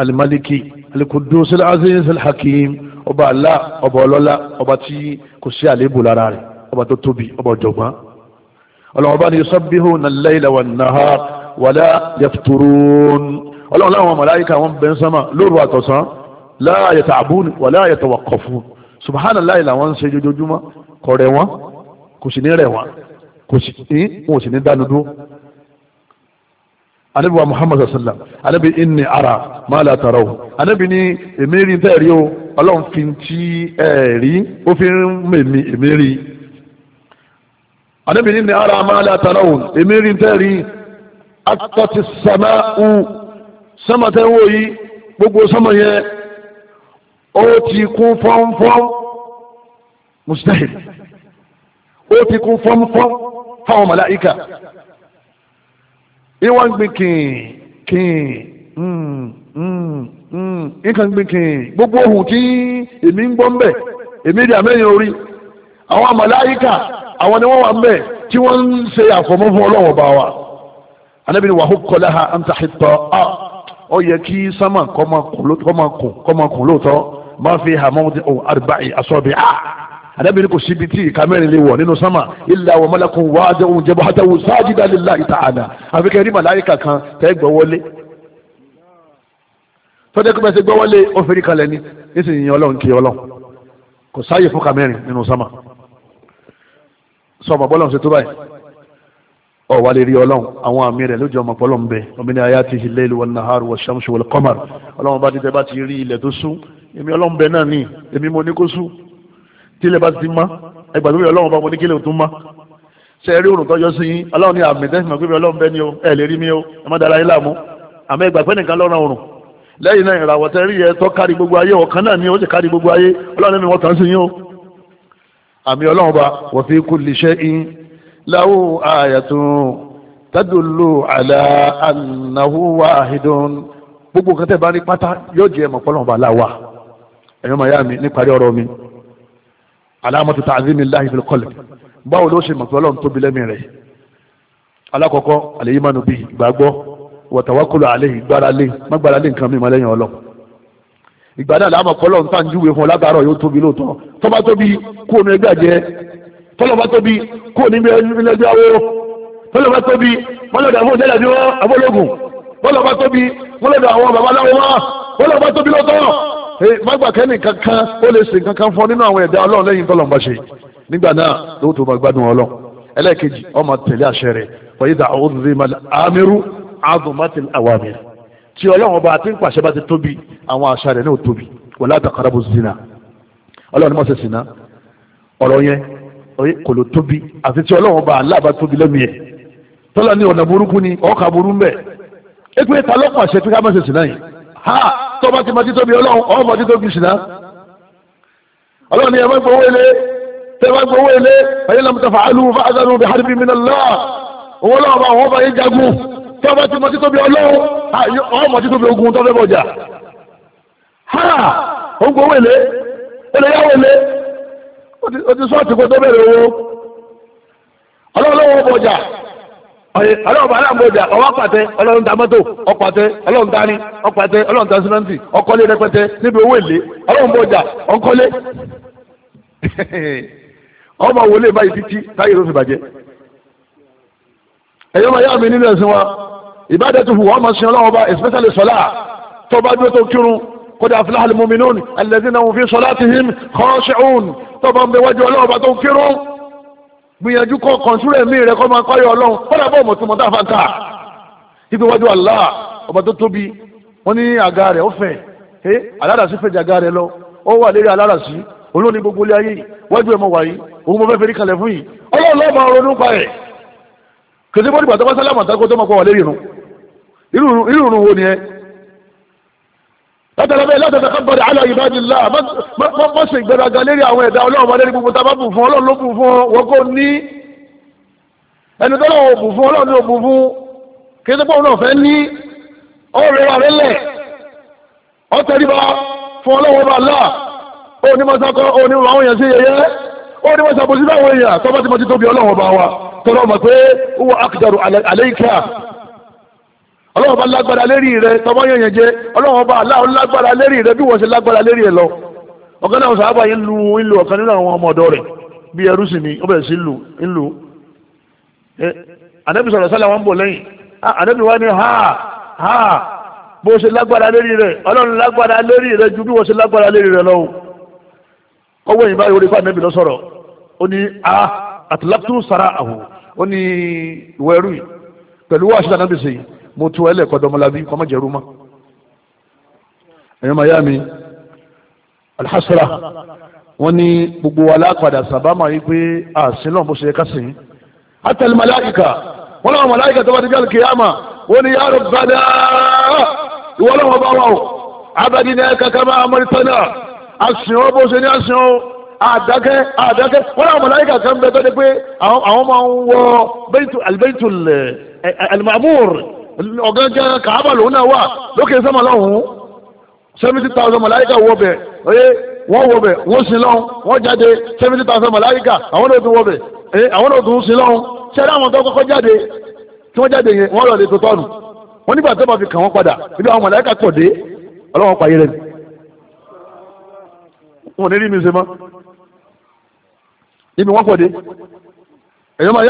alimaliki alikudus alaziz alhakim ọba Allah ọba ọlọ́lá ọba tí kò sí àléébù lára rẹ̀ ọba tó tóbi ọba ọ̀jọ̀gbọ́n ọlọ́wọ́n bá ní yusabbihuna al-layla wan-nahar wala yafturun ọlọ́wọ́n láwọn màláíkà wọn bẹ́ẹ̀ sánmà lóru àtọ̀sán la yata'abun wala yatawaqqafun subhanallahi làwọn ń ṣe jojoojúmọ́ kò rẹ̀ kò sì ní rẹ̀ wọ́n kò sì hm, ní dánudó anabi wa muhammad sallam anabi inni ara ma la taraw anabi ni emeri tẹ rí o ọlọ́run fi ti ẹ rí ó fi ń mèmí emeri anabi inni ara ma la taraw emeri tẹ rí atati sama'u sama tẹ wo yìí gbogbo sama yẹn ó ti kún fọ́nfọ́n mustahil ó ti kún fọ́nfọ́n fáwọn màláíkà yìí wọ́n ń gbin kìn kìn mm, mm, mm. nǹkan gbin kìn gbogbo ohun tí èmi ń gbọ́ ń bẹ̀ èmi rí àmẹ́yìn orí àwọn àmàláyíkà àwọn ni wọ́n wà ń bẹ̀ tí wọ́n ń ṣe àfọ̀mọ́ fún ọlọ́wọ́ bá wa anabi ni wàhú kọlá ha anta hitọ́ ah, a ó yẹ kí sámà kọ́ máa kùn lóòótọ́ máa fi hàmọ́ ọ̀hún arba'i asọ́bi a àdábìrì kò sibiti tí ìka mẹ́rin lè wọ̀ nínú sánmà ilà àwọn mọ́lákùn wà á dẹ̀hùn jẹ́bọ̀ àtẹ̀wò sáájídá lillahi ta'ala àfikẹ́ rí màláyíkà kan tẹ́ gbọ́ wọlé tọ́jú kí bẹ́ẹ̀ ṣe gbọ́ wọlé ó fẹ́rí ni nísìnyí ọlọ́run kì í ọlọ́run kò sáàyè fún ka mẹ́rin nínú sánmà sọ ọmọ bọ́lọ́run ṣe tó báyìí ọ wà lè rí ọlọ́run àwọn àmì rẹ̀ lójú ọmọ pọ́lọ́n bẹ ọmọ ní ayá ti hilẹ̀ ìlú wọn nahar wọ ṣamṣu wọlé bá ti tẹ́ bá ti rí ilẹ̀ tó sún èmi ọlọ́run bẹ náà ní èmi mo ní kó sún tílẹ̀ bá ti mọ́ ẹgbàá lórí ọlọ́run bá mo ní tó mọ́ ṣe eré òrùn tọ́jọ́ sí yín ọlọ́run ní àmì tẹ́sán pé ọlọ́run bẹ́ẹ̀ o ẹ lè rí mi o ẹ má dára yín láàmú àmọ́ ẹgbàá pẹ́ nìkan lọ́rùn òrùn lẹ́yìn náà ìràwọ̀ tẹ́ rí yẹ tọ́ kárí gbogbo ayé ọ̀kan náà ni ó sì kárí gbogbo ayé ọlọ́run mi gbogbo nǹkan tẹ́ bá rí pátá yóò jẹ́ mọ̀pọ́lọ́run bá láwà ẹ̀yọ́ màyá níparí ọ̀rọ̀ mi alámọ̀tò tààzímì láhi fil qalbi báwo ló ṣe mọ̀tò ọlọ́run tóbi lẹ́mìí rẹ̀ alákọ̀ọ́kọ́ àlèyé mánu bíi ìgbàgbọ́ wọ̀tàwákùlù àlẹ́ ìgbára lé mọ́gbára lé nǹkan mímọ́ lẹ́yìn ọlọ́ ìgbà náà làwọn ọkọ̀ọ́lọ́ ń tàn júwe fún ọlábàárọ̀ yóò tóbi lóòótọ́ tọ́ba tóbi kú ònú ẹgbẹ́ àjẹ tọ́lọ́ba tóbi kú òní ẹgbẹ́ àwọ tọ́lọ́ba tóbi mọ́lọ́dà fún ìjẹ́lẹ̀ bí wọ́n abọ́lógún tọ́lọ́ba tóbi mọ́lọ́dà àwọn babaláwo wọn tọ́lọ́ba tóbi lóòótọ́ magbàkẹ́ nìkan kan ó lè ṣe nǹkan kan fún ọ nínú àwọn ẹ̀dá ọlọ́run lẹ́yìn tó lọ́nba ṣe nígbà náà lówó tó bá gbádùn ọlọ́run ẹlẹ́ẹ̀kejì ọmọ tẹ̀lé àṣẹ rẹ̀ fọyídà ọ̀húnzìmọ̀lẹ̀ àmírú azùmátìl àwàmì tí ọlọ́run bá ti ń pàṣẹ bá ti tóbi àwọn àṣà rẹ̀ náà tóbi wọ́n látàkàrà bó zina ọlọ́run mọ̀ sẹ́sìn náà ọ̀rọ̀ yẹn kò ló tóbi àti tí ọlọ́run bá aláàbá tóbi lẹ́mìí ẹ̀ tọ́lá ní ọ̀nà burúkú ni ọkà burú ń bẹ̀ é pé ta ló pàṣẹ pé ká mọ̀ sẹ́sìn yìí ha tó bá ti mọ títóbi ọlọ́run ọ̀ mọ títóbi ṣìnà ọlọ́run ni ẹ má gbowó ilé tẹ bá gbowó ilé ẹ̀yẹ́ lọ́mọ tẹ̀fà àlù fàdánù bí hàrìbí mi nàlá owó lọ́wọ́ bá wọ́n bá yín jagun tó ti mọ títóbi ọlọ́run ọ̀ mọ títóbi ogun tó bọ̀jà ha ó ń gbowó ilé ó lè yáwó ilé ó ti sọ́ọ̀tì kó tó bẹ̀rẹ̀ owó ọlọ́run lọ́wọ́ bọ̀jà ọlọ́run bá aláàmọ̀jà ọwọ́ pàtẹ ọlọ́run ta mọ́tò ọpàtẹ ọlọ́run ta ni ọpàtẹ ọlọ́run ta sinanti ọkọ́lé rẹpẹtẹ níbi owó èlé ọlọ́run bọ̀jà ọkọ́lé ọmọ wọlé báyìí títí táyé ló fi bàjẹ́ ẹ̀yọ́ máa yá mi nínú ẹ̀sìn wa ìbádẹ́ tó fún wọn máa sin ọlọ́run bá especially sọlá tó bá dúró tó kírun kódà aflahal mu'minun alladhina hum fi salatihim khashi'un tó bá ń bẹ wájú ọlọ́run gbìyànjú kọ́ kọ̀ǹtúrò ẹ̀mí rẹ̀ kọ́ máa kọ́yọ̀ ọlọ́run kọ́dà bọ́ ọmọ tó mọ̀ táfà ká títí wájú Allah ọba tó tóbi wọ́n ní àga rẹ̀ ó fẹ̀ ẹ́ aládàsí fẹ̀ jàga rẹ̀ lọ ó wà lérí olóòní gbogbo ilé ayé wájú wáyé òun mo fẹ́ kalẹ̀ fún yìí ọlọ́run lọ́ọ́ máa ronú pa ẹ̀ kèsì tó bá tó máa pọ̀ wà lérí wo látara bẹ́ẹ̀ látara kábàárẹ̀ alá ìbádìlá má ṣe ìgbéraga lérí àwọn ẹ̀dá ọlọ́run bá lérí gbogbo tábà bù fún ọlọ́run ló bù fún wọn kò ní ẹni tó lọ́wọ́ bù fún ọlọ́run ló bù fún kí ẹni pọ́n náà fẹ́ ní ọ̀rẹ́ rà rẹ́lẹ̀ ọ̀tẹ̀ríba fún ọlọ́run bá là ó ní mọ́sákọ́ ó ní àwọn èèyàn sí yẹyẹ ọlọ́run bá lágbára lérí rẹ tọ́mọ́ yẹn yẹn jẹ ọlọ́run bá aláwọ̀ lágbára lérí rẹ bí wọ́n ṣe lágbára lérí ẹ lọ ọ̀kan náà sábà yẹn lu ìlú ọ̀kan nínú àwọn ọmọ ọ̀dọ́ rẹ̀ bí ẹrú sì ni ó bẹ̀rẹ̀ sí lu ìlú anabi sọ̀rọ̀ sálà wọn bọ̀ lẹ́yìn anabi wa ni ha ha bó ṣe lágbára lérí rẹ ọlọ́run lágbára lérí rẹ ju bí wọ́n ṣe lágbára lérí rẹ lọ́wọ́ ọwọ́ yìí báyìí orí fún anabi lọ sọ̀rọ̀ a àtìláptún sara àhù ó ní ìwọ ẹrú mo tu ẹlẹ́kọ́ dọmọlábí kọ́mọ jẹ́rú mọ́ ẹ̀yọ́ màyá mi alhasra wọ́n ní gbogbo wa lápadà sàbámà yìí pé àsìn náà bó ṣe ká sìn àtàlí màláìkà wọ́n láwọn màláìkà tó bá ti jáde kìyàmà wọ́n ní yàrá bàdà ìwọ́n lọ́wọ́ bá wà o abadi ní ẹ̀ka kama amọ̀rítánà àsìn ó bó ṣe ní àsìn ó àdákẹ́ àdákẹ́ wọ́n láwọn màláìkà kan bẹ tó dé pé àwọn máa ń wọ albaytul almamur ọ̀gángan kàábà lòun náà wà lókè sọ́mọ lọ́hùn-ún seventy thousand màláíkà wọ bẹ̀ oyè wọ́n wọ bẹ̀ wọ́n sin lọ́hùn wọ́n jáde seventy thousand màláíkà àwọn náà tún wọ bẹ̀ ẹ àwọn náà tún sin lọ́hùn ṣẹ́rẹ́ àwọn tó kọ́kọ́ jáde tí wọ́n jáde yẹn wọ́n lọ lè tó tọ́nu wọ́n nígbà tó bá fi kàn wọ́n padà ibi àwọn màláíkà kọ̀ dé ọlọ́wọ́n pa ayẹyẹ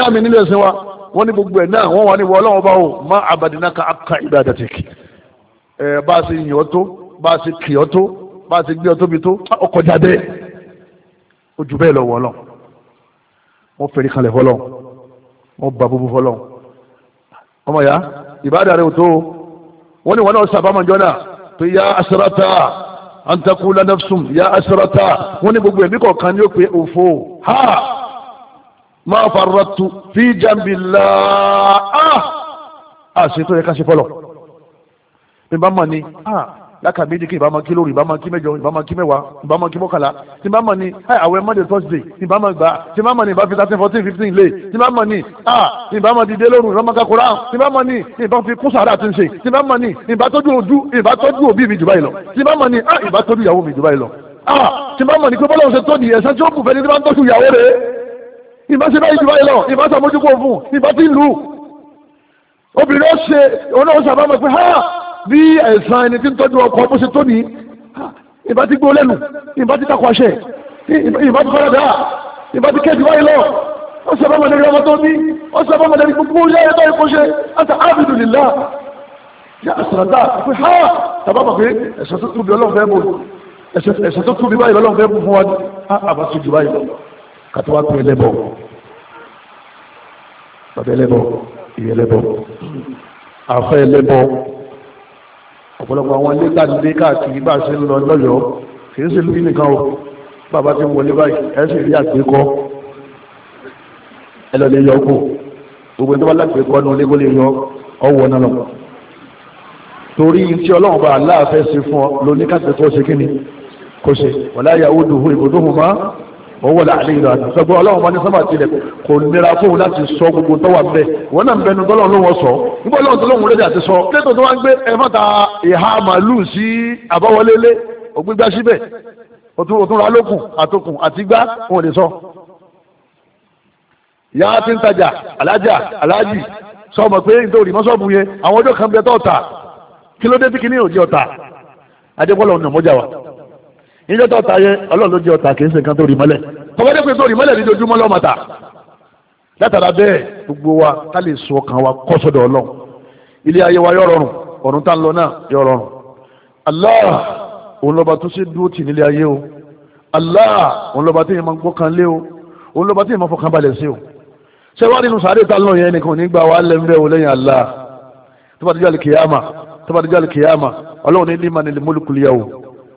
rẹ̀ wọ́n wọ́n ní gbogbo ẹ̀ náà wọ́n wà ní wọ́n ọlọ́wọ́ bá wò má àbàdínàkà àkà ìbàdàtìkì ẹ̀ bá a ṣe yìn ọ́ tó bá a ṣe kì ọ́ tó bá a ṣe gbé ọ́ tóbi tó ọkọ̀ jáde ó jù bẹ́ẹ̀ lọ wọ́ ọlọ́wọ́ wọ́n fẹ̀rí kalẹ̀ fọlọ́ wọ́n ba búbu fọlọ́ ọmọ ya ìbáda rẹ̀ tó wọ́n ní wọn náà sàbámọ́jọ́ náà pé yá asirata antakula nafsum yá asirata wọ́n ní gbogbo ẹ̀mí kọ̀ọ̀kan ní ó pe òfo ha. Ma faratu fi jàmbìlá a ṣètò yẹ ká ṣe fọlọ nígbà máa ní láka méjì kí ìbámu kí lórí ìbámu kí mẹ́jọ ìbámu kí mẹ́wàá ìbámu kí mọ́kànlá tí bá mọ̀ ní àwẹ̀ monday thursday tí bá mọ̀ gbà tí bá mọ̀ ní ìbáfi thirteen fourteen fifteen lé tí bá mọ̀ ní ìbámu dìde lóru ìbámaka koran tí bá mọ̀ ní ìbáfi kúsàrà tí ń ṣe tí bá mọ̀ ní ìbátọ́jú ojú ìbátọ́jú òbí mi jùbá yìí lọ tí bá mọ̀ ní ìbátọ́jú ìyàwó mi jùbá yìí lọ tí bá mọ̀ ní pé bọ́lá ìbá ṣe báyìí ìbá ìlọ ìbá ṣàmójúkò fún ìbá tí ń lù obìnrin ó ṣe òun náà ṣàbá mọ̀ pé ha bí ẹ̀sán ẹni tí ń tọ́jú ọkọ bó ṣe tó ní ìbá ti gbó lẹ́nu ìbá ti takọ àṣẹ ìbá ti faradà ìbá ti kẹ́ẹ̀dì báyìí lọ ó ṣàbá mọ̀ lórí ọmọ tó ní ó ṣàbá mọ̀ lórí gbogbo orí ayẹyẹ báyìí kó àti ábìdù nìlá yà mọ̀ pé ẹ̀sán tó tóbi kátó wá pín ẹlẹ́bọ bàbá ẹlẹ́bọ elebo ẹlẹ́bọ àfẹ́ ẹlẹ́bọ ọ̀pọ̀lọpọ̀ àwọn ilé tàdílé káàkiri bá ṣe ń lọ lọ́yọ̀ọ́ kìí ṣe lórí nìkan o bàbá ti wọlé báyìí ẹ sì rí àgbékọ ẹ lọ lè yọ kó gbogbo ìjọba lágbèékọ ní olé kó lè yọ ọwọ́ náà lọ torí tí ọlọ́run bá aláàfẹ́ ṣe fún ọ lóníkàtẹ́kọ̀ọ́ ṣe kíni kò ṣe wàláyà ó dùn fún ibùdó hùn owó làálẹ́ ìlú àti sọgbọ́n ọlọ́run bá ní sábà tilẹ̀ kò nira fóun láti sọ gbogbo tó wà bẹ́ẹ̀ wọn náà bẹnu tọ́lọ́run ló wọ́n sọ nígbà ọlọ́run tó lóun rẹ́dí àti sọ lẹ́tọ̀ tó wá ń gbé ẹ̀fọ́ta ìhà màlúù sí àbáwọlélé ògbígbá síbẹ̀ òtún ra lókun àtòkùn àti gbá wọn ò lè sọ. ìyá ti ń tajà alájà aláàjì sọ mọ̀ pé nítorí mọ́sọ́ọ̀bù yẹn àwọn ọjọ́ kan bẹ tọ́ ọ̀tà kí tí kinní ò ọ̀tà níjọ́ tó ta yẹn ọlọ́run ló jẹ́ ọ̀tà kì í ṣe nǹkan tó rí mọ́lẹ̀ kọ́mọ́dé pé tó rí mọ́lẹ̀ nídojúmọ́ lọ́mọ ta látara bẹ́ẹ̀ gbogbo wa ká lè sọ ọkàn wa kọ́ sọ́dọ̀ ọlọ́run ilé ayé wa yọ rọrùn ọ̀run tá ń lọ náà yọ rọrùn Allah òun lọ́ba tó ṣe dúró tì nílé ayé o Allah òun lọ́ba tí yẹn máa ń gbọ́kàn lé o òun lọ́ba tí yẹn máa fọkàn balẹ̀ sí o ṣé wàá nínú sàárè tá lọ yẹn nìkan nígbà wa lẹ́ńbẹ́ Allah tó bá dé jọ́ àlùkìyàmà tó bá dé jọ́ àlùkìyàmà ọlọ́run ní ní ìmọ̀ nílẹ̀ mọ́lùkùlù yà o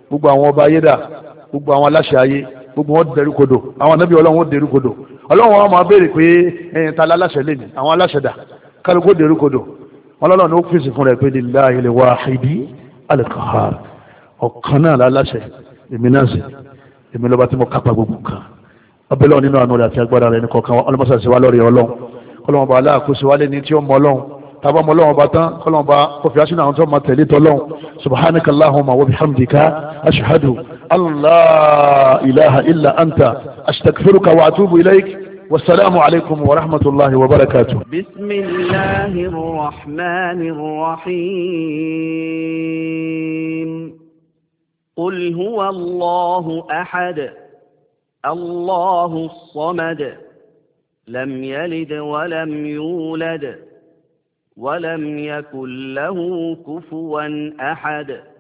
gbogbo àwọn ọba ayé dà gbogbo àwọn aláṣẹ ayé gbogbo wọn dẹrú kodò àwọn anábì ọlọ́run ó dẹrú kodò ọlọ́run wọn máa béèrè pé ẹ̀yìn ta láláṣẹ lẹ́nu àwọn aláṣẹ dà kálukú ó dẹrú kodò wọn lọ́nà ní ó fèsì fún rẹ̀ pé lillahi al-wahidi al-qahhar ọ̀kan náà láláṣẹ èmi náà sì èmi lọ́ba tí mo kápá gbogbo kan ọbẹ̀ lọ́ọ̀ nínú àánú rẹ̀ àti agbára rẹ̀ ní kọ̀ọ̀kan ọlọ́mọṣàṣẹ́wá lọ́rẹ̀ ọlọ́run ọlọ́mọba سبحانك اللهم وبحمدك اشهد ان لا اله الا انت استغفرك واتوب اليك والسلام عليكم ورحمه الله وبركاته بسم الله الرحمن الرحيم قل هو الله احد الله الصمد لم يلد ولم يولد ولم يكن له كفوا أحد